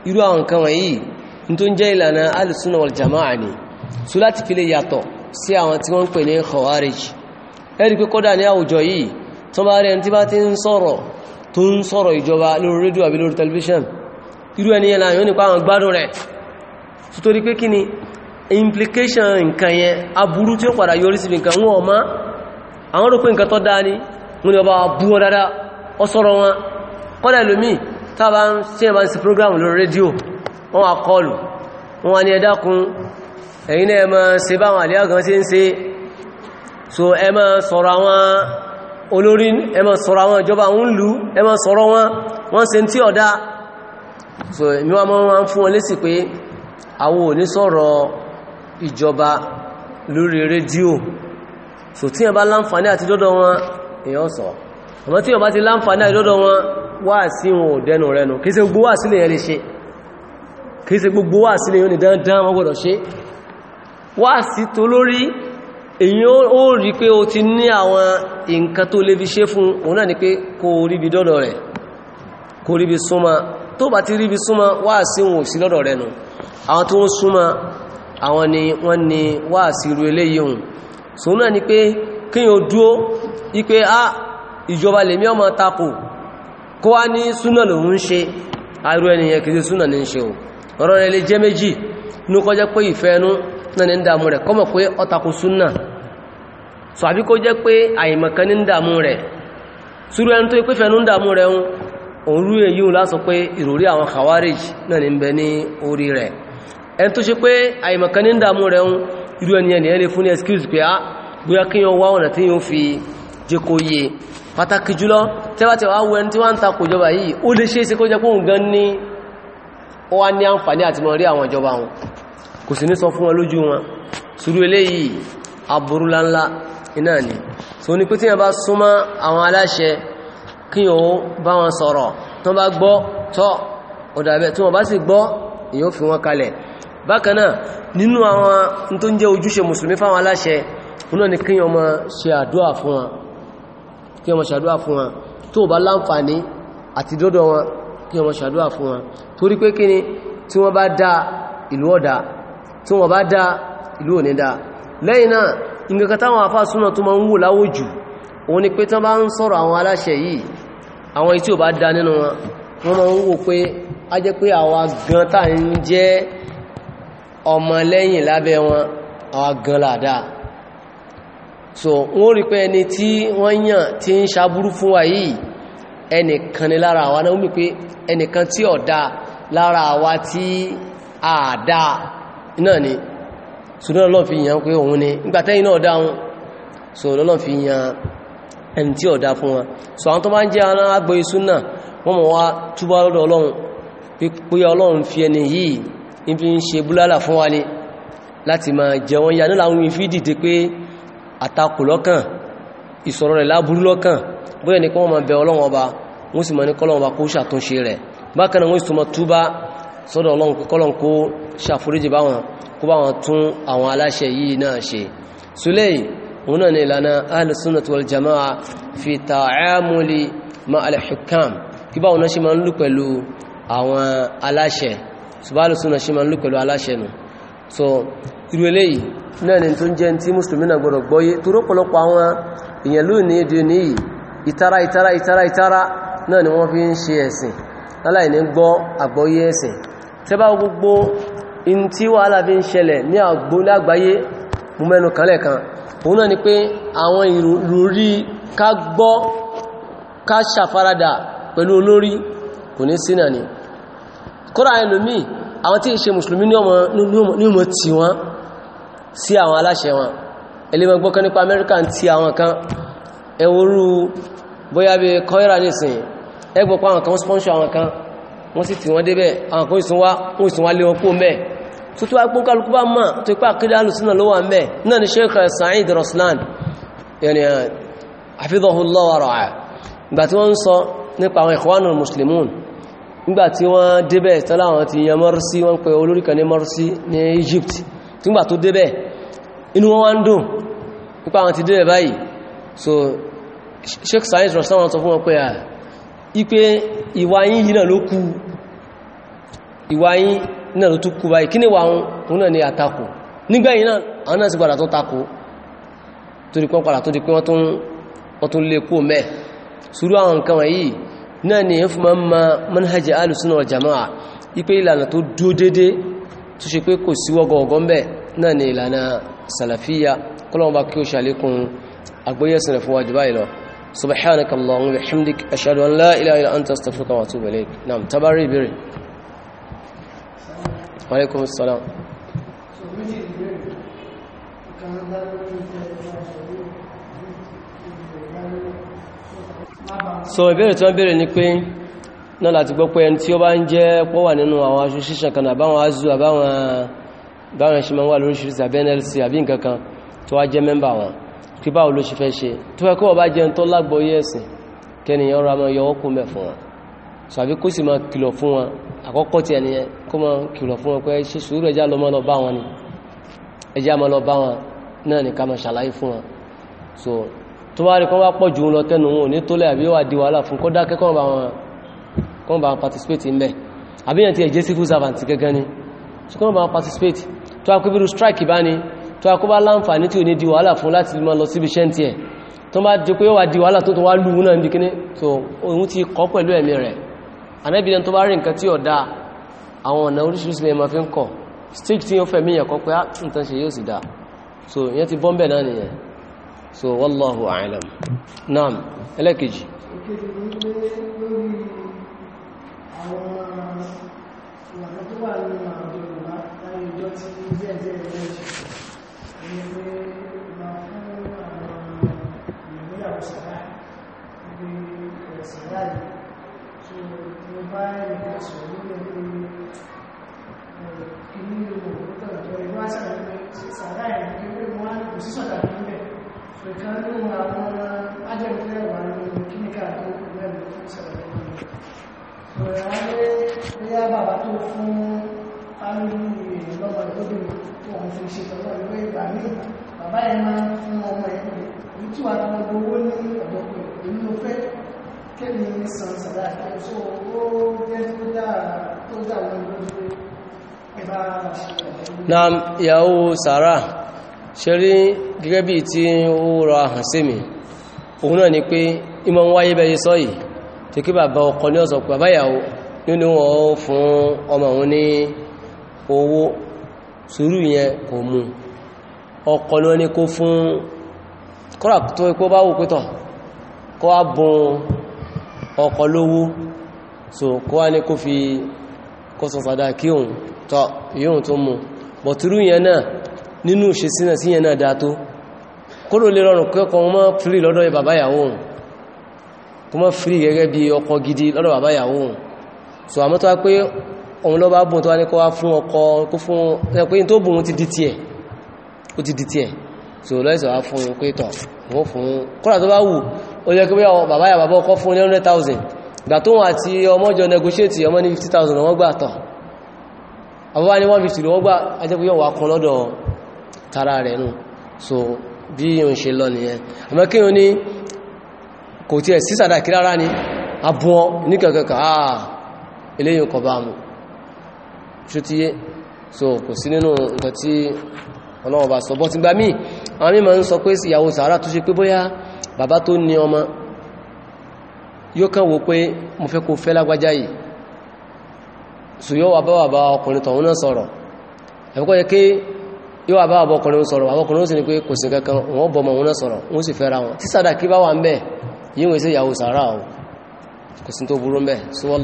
irú àwọn nǹkan wọ̀nyí ní tó ń jẹ́ ìlànà alìsúnà jama'a ni so láti fi lè yàtọ̀ sí àwọn tí wọ́n ń pè ní khawarij ẹ̀rí pé kódà ní àwùjọ yìí tó bá rí ẹni tí bá ti ń sọ̀rọ̀ tó ń sọ̀rọ̀ ìjọba lórí rédíò àbí lórí tẹlifíṣàn irú ẹni yẹn láàrín nípa àwọn gbádùn rẹ̀ torí pé kini ni implication nǹkan yẹn aburú tí ó padà yọrí sí nǹkan wọn ọmọ àwọn rò pé nǹkan tó dáa ni wọ́n ni ọba bú wọn dáadáa ọ sọ́rọ̀ wọn kọ́lẹ̀ lómi tàbá ń ṣe ẹ̀bá ń ṣe program lórí rédíò wọ́n wá kọlù wọ́n wá ní ẹ dákun ẹ̀yin náà ẹ máa ṣe báwọn àlẹ́ àgán ṣe ń ṣe so ẹ máa sọ̀rọ̀ àwọn olórí ẹ máa sọ̀rọ̀ àwọn ìjọba ń lú ẹ máa sọ̀rọ̀ wọn wọ́n ṣe ń tí ọ̀dá so ìmú àwọn ò ní sọ̀rọ̀ ìjọba lórí rédíò so tí ẹ bá láǹfààní àti dọ́dọ̀ wọn èyàn sọ àmọ́ tí ẹ bá ti láǹfààní àti dọ́dọ̀ wọn wà sí wọn ò dẹnu rẹnu kìí ṣe gbogbo wà sílẹ̀ yẹn lè ṣe kìí ṣe dandan wọ́n gbọ́dọ̀ ṣe wà sí tó lórí èyàn ó rí pé o ti ní àwọn nǹkan tó lè fi ṣe fún òun náà ni pé kò ríbi dọ́dọ̀ rẹ̀ kò ríbi súnmọ́ tó bá ti ríbi súnmọ́ wà sí wọn ò sí lọ́dọ̀ rẹnu àwọn tó ń súnmọ́ àwọn ni wọ́n ni wà sírú eléyìí hùn so náà ni pé kíyàn dúó ipé a ìjọba lèmí ọmọ tako kó wá ní súnà lòun ń ṣe àrú ẹniyàn kìí súnà ní ṣe ò ọ̀rọ̀ rẹ̀ lè jẹ́ méjì ní kọjẹ́ pé ìfẹ́ ẹnu náà ní ń dàmú rẹ̀ kọ́mọ̀ pé ọtakò súnà so àbí kó jẹ́ pé àìmọ̀kan ní ń dàmú rẹ̀ súrú ẹni tó ipé fẹ́nu ń dàmú rẹ̀ òun rú èyí lásọ pé ìròrí àwọn khawarij náà ní ń bẹ ní orí rẹ̀ ẹni tó ṣe pé àìmọ̀kan ní ìdàmú rẹ̀ ń irú ẹni ẹni ẹni fún ní excuse pé á ah, bóyá kí yọ wá ọ̀nà tí yóò fi jẹ kó yé pàtàkì jùlọ tẹ́bàtẹ̀ wá wọ ẹni tí wá so ní pé tí yẹn bá súnmọ́ àwọn aláṣẹ kí yóò bá wọn sọ̀rọ̀ tó bá wọ́n bá sì gbọ́ èyí ó fi wọn kalẹ̀ bákanáà nínú àwọn tó ń jẹ́ ojúṣe mùsùlùmí fáwọn aláṣẹ náà ni kíyàn ọmọ ṣe àdúà fún wọn kí ọmọ ṣàdúà fún wọn tó bá láǹfààní àti dọ́dọ̀ wọn kí ọmọ ṣàdúà fún wọn torí pé kí ni tí wọ́n bá dá ìlú ọ̀dá tí wọ́n bá dá ìlú òní dá lẹ́yìn náà nǹkan táwọn a jẹ́ pé àwa ọmọ lẹ́yìn lábẹ́ wọn àwọn gan so wọ́n rí pé ẹni tí wọ́n yàn tí ń ṣaburú fún wa yìí ẹnìkan ni lára àwa náà wọ́n pé ẹnìkan tí ọ̀dá lára àwa tí àdá náà ni so náà lọ́n fi yàn pé òun ni nígbàtẹ́yìn náà dáhùn so lọ́n fi yàn ẹni wa so àwọn tó bá ń ibi ń ṣe búlálà fún wa ní láti máa jẹun ya nílà àwọn ìfí dìde pé àtakò lọ́kàn ìsọ̀rọ̀ rẹ̀ láburú lọ́kàn bóyẹ̀ ní kí wọ́n máa bẹ ọlọ́run ọba wọ́n sì máa ní kọ́lọ́run ọba kó ṣàtúnṣe rẹ̀ bákan náà wọ́n sì máa túbá sọ́dọ̀ ọlọ́run kó ṣàforíjì báwọn kó báwọn tún àwọn aláṣẹ yìí náà àwọn aláṣẹ subahana suna ṣe máa ń lò pẹ̀lú aláṣẹ so irú eléyìí náà ni tó ń jẹ́ tí mùsùlùmí náà gbọ́dọ̀ gbọ́yé torí ọ̀pọ̀lọpọ̀ àwọn èèyàn lónìí di níyì ìtara ìtara ìtara ìtara náà ni wọ́n fi ń ṣe ẹ̀sìn láláì ní gbọ́ àgbọ́yé ẹ̀sìn tẹ́ bá gbogbo in tí wàhálà fi ń ṣẹlẹ̀ ní àgbó lágbàáyé mú mẹ́nu kanlẹ̀ kan òun ni pé àwọn kò ní sínà ni kóra ẹlòmíì àwọn tí ìṣe mùsùlùmí ní ọmọ tí wọ́n sí àwọn aláṣẹ wọn ẹlẹ́mọ̀gbọ́ kan nípa amẹ́ríkà ń ti àwọn kan ẹwọ́rú bóyá bí kọ́íra nìsìn ẹgbọ́pá àwọn kan sponsor àwọn kan wọ́n sì tí wọ́n débẹ̀ àwọn kan ìsúnwá ìsúnwá lé wọn kó mẹ́ tó tó agbó kálukú bá mọ̀ tó ipá àkídà alùsùnà eh, ìgbà tí wọ́n ń sọ nípa àwọn Ikhwanul Muslimun nígbàtí wọ́n débẹ̀ tọ́lá àwọn ti yan mọ́rúsí wọ́n pẹ̀ olórí kan ní mọ́rúsí ní Egypt nígbà tó débẹ̀ inú wọn wá ń dùn nípa àwọn ti débẹ̀ báyìí so Sheikh Sa'id rọ̀sáwọn sọ fún wọn pé à ipé ìwáyín yìí náà ló kú ìwáyín náà ló tún kú báyìí kí ni wà wọn náà ni àtakò nígbẹ̀yìn náà àwọn náà sì padà tó takò torí pọ́n padà tó di náà ni yẹn fún ma ma manhajji alùsùn wal jama'a ipé ìlànà tó dúó dédé tó ṣe pé kò sí wọ́gọ̀ọ̀gọ́ mẹ́ náà ni ìlànà salafiya kọlọ̀wọ́n bá kí ó ṣàlékún agbóyẹ̀sìn rẹ̀ fún wájú báyìí lọ subhanaka so ìbéèrè tí wọ́n béèrè ni pé náà láti gbọ́ pé ẹni tí ó bá ń jẹ́ pọ́ wà nínú àwọn aṣọ ṣíṣàn kan àbáwọn azu àbáwọn báwọn ṣe máa wà lóríṣiríṣi àbí nlc àbí nǹkan kan tó wá jẹ́ mẹ́mbà wọn kí báwo ló ṣe fẹ́ ṣe tó fẹ́ kó wọ́n bá jẹun tó ni ẹjá máa so tó wá rí kọ́ wá pọ̀ jù lọ tẹ́nu wọn ní tólẹ̀ àbí wà di fún kọ́ dákẹ́ kọ́ bá wọn participate ń bẹ̀ àbíyàn ti ẹ̀jẹ́ civil servant gẹ́gẹ́ ni so kọ́ bá wọn participate tó wá strike bá ní tó wá kó bá láǹfààní tí ò ní di wàhálà fún láti máa lọ síbi iṣẹ́ tiẹ̀ tó bá di pé wà di tó wá lù náà níbi so òun ti kọ́ pẹ̀lú ẹ̀mí rẹ̀ anẹ́bìnrin tó bá rí nǹkan stick tí ó fẹ̀mí yẹn kọ́ pé ah, so ìyẹn ti bọ́m̀bẹ̀ náà so wallahu a'lam naam ẹlẹ́kejì Thank you ìkan nínú àwọn ajẹ́gbẹ́ wà ní kíníkà tó kù mẹ́rin tó sọ̀rọ̀ sọ̀rọ̀ wáyé bóyá bàbá tó fún alúlú èèyàn lọ́mọ lóbìn tó wọ́n fi ṣe tọ́lọ́ ìwé ìgbà míì bàbá yẹn máa ń fún ọmọ ẹ̀ pé èyí tí wà á lọ owó ní ọ̀dọ́ pé ìyàwó Sàrà ṣe rí gẹ́gẹ́ bí tí ó rọ àhàn sí mi òun náà ni pé ìmọ̀ ń wáyé bẹ́yẹ sọ yìí tí kí bàbá ọkọ ní ọ̀sọ̀ pé àbáyàwó nínú wọn ó fún ọmọ òun ní owó sùúrù yẹn kò mú ọkọ ní wọn ni kó fún kọ́rà tó ikú bá wù pẹ́tọ̀ kó wá bùn ọkọ lówó so kó wá ní kó fi kó sọ̀sàdá kí òun tọ́ yóò tó mú bọ̀túrú yẹn náà nínú ìṣesínà sí yẹn náà dáa tó kóró lè rọrùn kẹ́kọ̀ọ́ wọn máa fírí lọ́dọ̀ bàbá ìyàwó òun kó máa fírí gẹ́gẹ́ bí ọkọ gidi lọ́dọ̀ bàbá ìyàwó òun so àmọ́ tó wá pé òun lọ bá bùn tó wá ní kọ́ wá fún ọkọ kó fún ẹgbẹ́ tó bùn so lọ́ìsọ̀ wá fún pé tọ̀ wọ́n fún kọ́lá tó bá wù ó yẹ kí bàbá ìyàwó bàbá ọkọ fún ní 100,000 gbà tóun àti ọmọjọ negotiate ọmọ ní 50,000 wọ́n gbà tọ̀ àbúrò ní 150 lọ́wọ́ gbà ajẹ́kùn kan lọ́dọ̀ tara rẹ̀ nù so bí yíò ń ṣe lọ nìyẹn àmọ́ kí yíò ní kò tí ẹ̀ sí sàdákì rárá ni abúọ ní kẹkẹkẹ àà eléyìí kọ bá mú ṣútíyé so kò sí nínú nǹkan tí ọlọ́wọ́ bá sọ bọ́ ti gbá míì àwọn mímọ̀ ń sọ pé ìyàwó sàárà tó ṣe pé bóyá bàbá tó ní ọmọ yóò kàn wò pé mo fẹ́ kó fẹ́ lágbájá yìí so wà bá wà bá ọkùnrin tọ̀hún náà sọ̀rọ̀ ẹ̀kọ́ yẹ kí yóò wà bá ọkùnrin sọ̀rọ̀ ọkùnrin ó sì ní pé kò sí kankan wọ́n bọ̀mọ̀ wọn sọ̀rọ̀ wọ́n sì fẹ́ra wọn tí sàdákí bá wà ń bẹ̀ yíò wọ́n sí ìyàwó sàárà ọ̀ kò sí tó burú mẹ́ sí wọ́n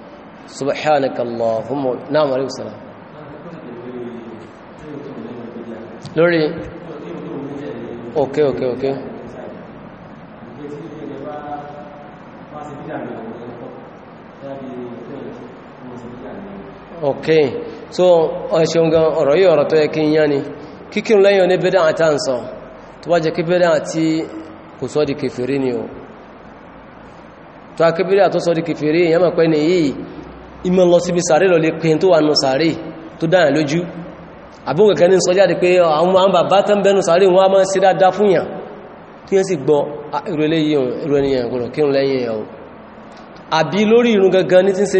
سبحانك اللهم نعم عليكم السلام لوري okay okay okay okay so ẹ̀ṣẹ̀un gan ọ̀rọ̀ yìí ọ̀rọ̀ tó yẹ kí n yá ni kíkírùn lẹ́yìn oní bẹ́dá àti àǹsọ̀ tó wá jẹ́ kí bẹ́dá àti kò sọ́ di kèfèrí ni o tó a kí bẹ́dá tó sọ́ di kèfèrí èyàn mọ̀ pẹ́ ni yìí ìmọ̀ lọ síbi sàárè lọ lè pin tó wà nù sàárè tó dáyàn lójú àbúkọ̀ kẹ́ni sọ jáde pé àwọn bàbá tán bẹnu sàárè wọ́n a máa sí dáadáa fún yàn tí yẹn sì gbọ́ ìrọ̀lẹ́ yìí ìrọ̀nìyàn gbọ́dọ̀ kírun lẹ́yìn ẹ̀ o àbí lórí ìrun gangan ní ti ń ṣe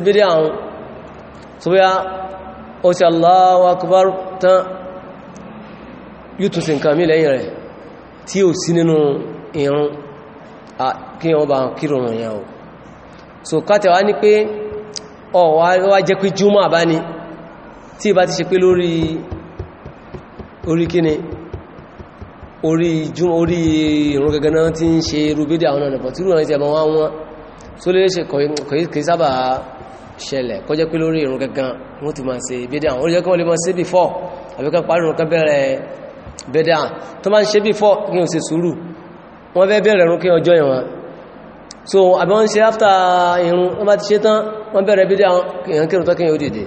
bídí so kátẹ̀wá ní pé ọ̀wà wá jẹ́ pé jùmọ́ àbá ni tí ìbá ti ṣe pé lórí orí kíni orí ìrún gẹ́gẹ́ náà ti ń ṣe rúbídí àwọn ọ̀nà pọ̀tí rúrùn ìtẹ̀mọ̀ wá wọn tó lè ṣe kìí sábà ṣẹlẹ̀ kọ́ jẹ́ pé lórí ìrún gẹ́gẹ́ wọ́n ti máa ṣe bídí àwọn orí jẹ́ kí wọ́n lè máa ṣe bífọ́ àbíkẹ́ parí ìrún kẹ́bẹ̀rẹ̀ bídí àwọn so àbí wọ́n ń ṣe after irun wọ́n bá ti ṣe tán wọ́n bẹ̀rẹ̀ bí àwọn èèyàn kírun tó kíyàn ó dìde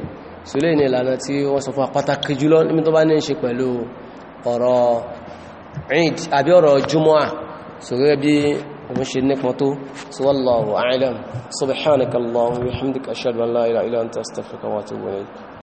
so lè ní ìlànà tí wọ́n sọ fún pàtàkì jùlọ níbi tó bá ní ṣe pẹ̀lú ọ̀rọ̀ eid àbí ọ̀rọ̀ jumu'a so gẹ́gẹ́ bí wọ́n ṣe nípa tó so wallahu a'lam subhanakallahumma wa bihamdika ashhadu an la ilaha illa anta astaghfiruka wa atubu ilayk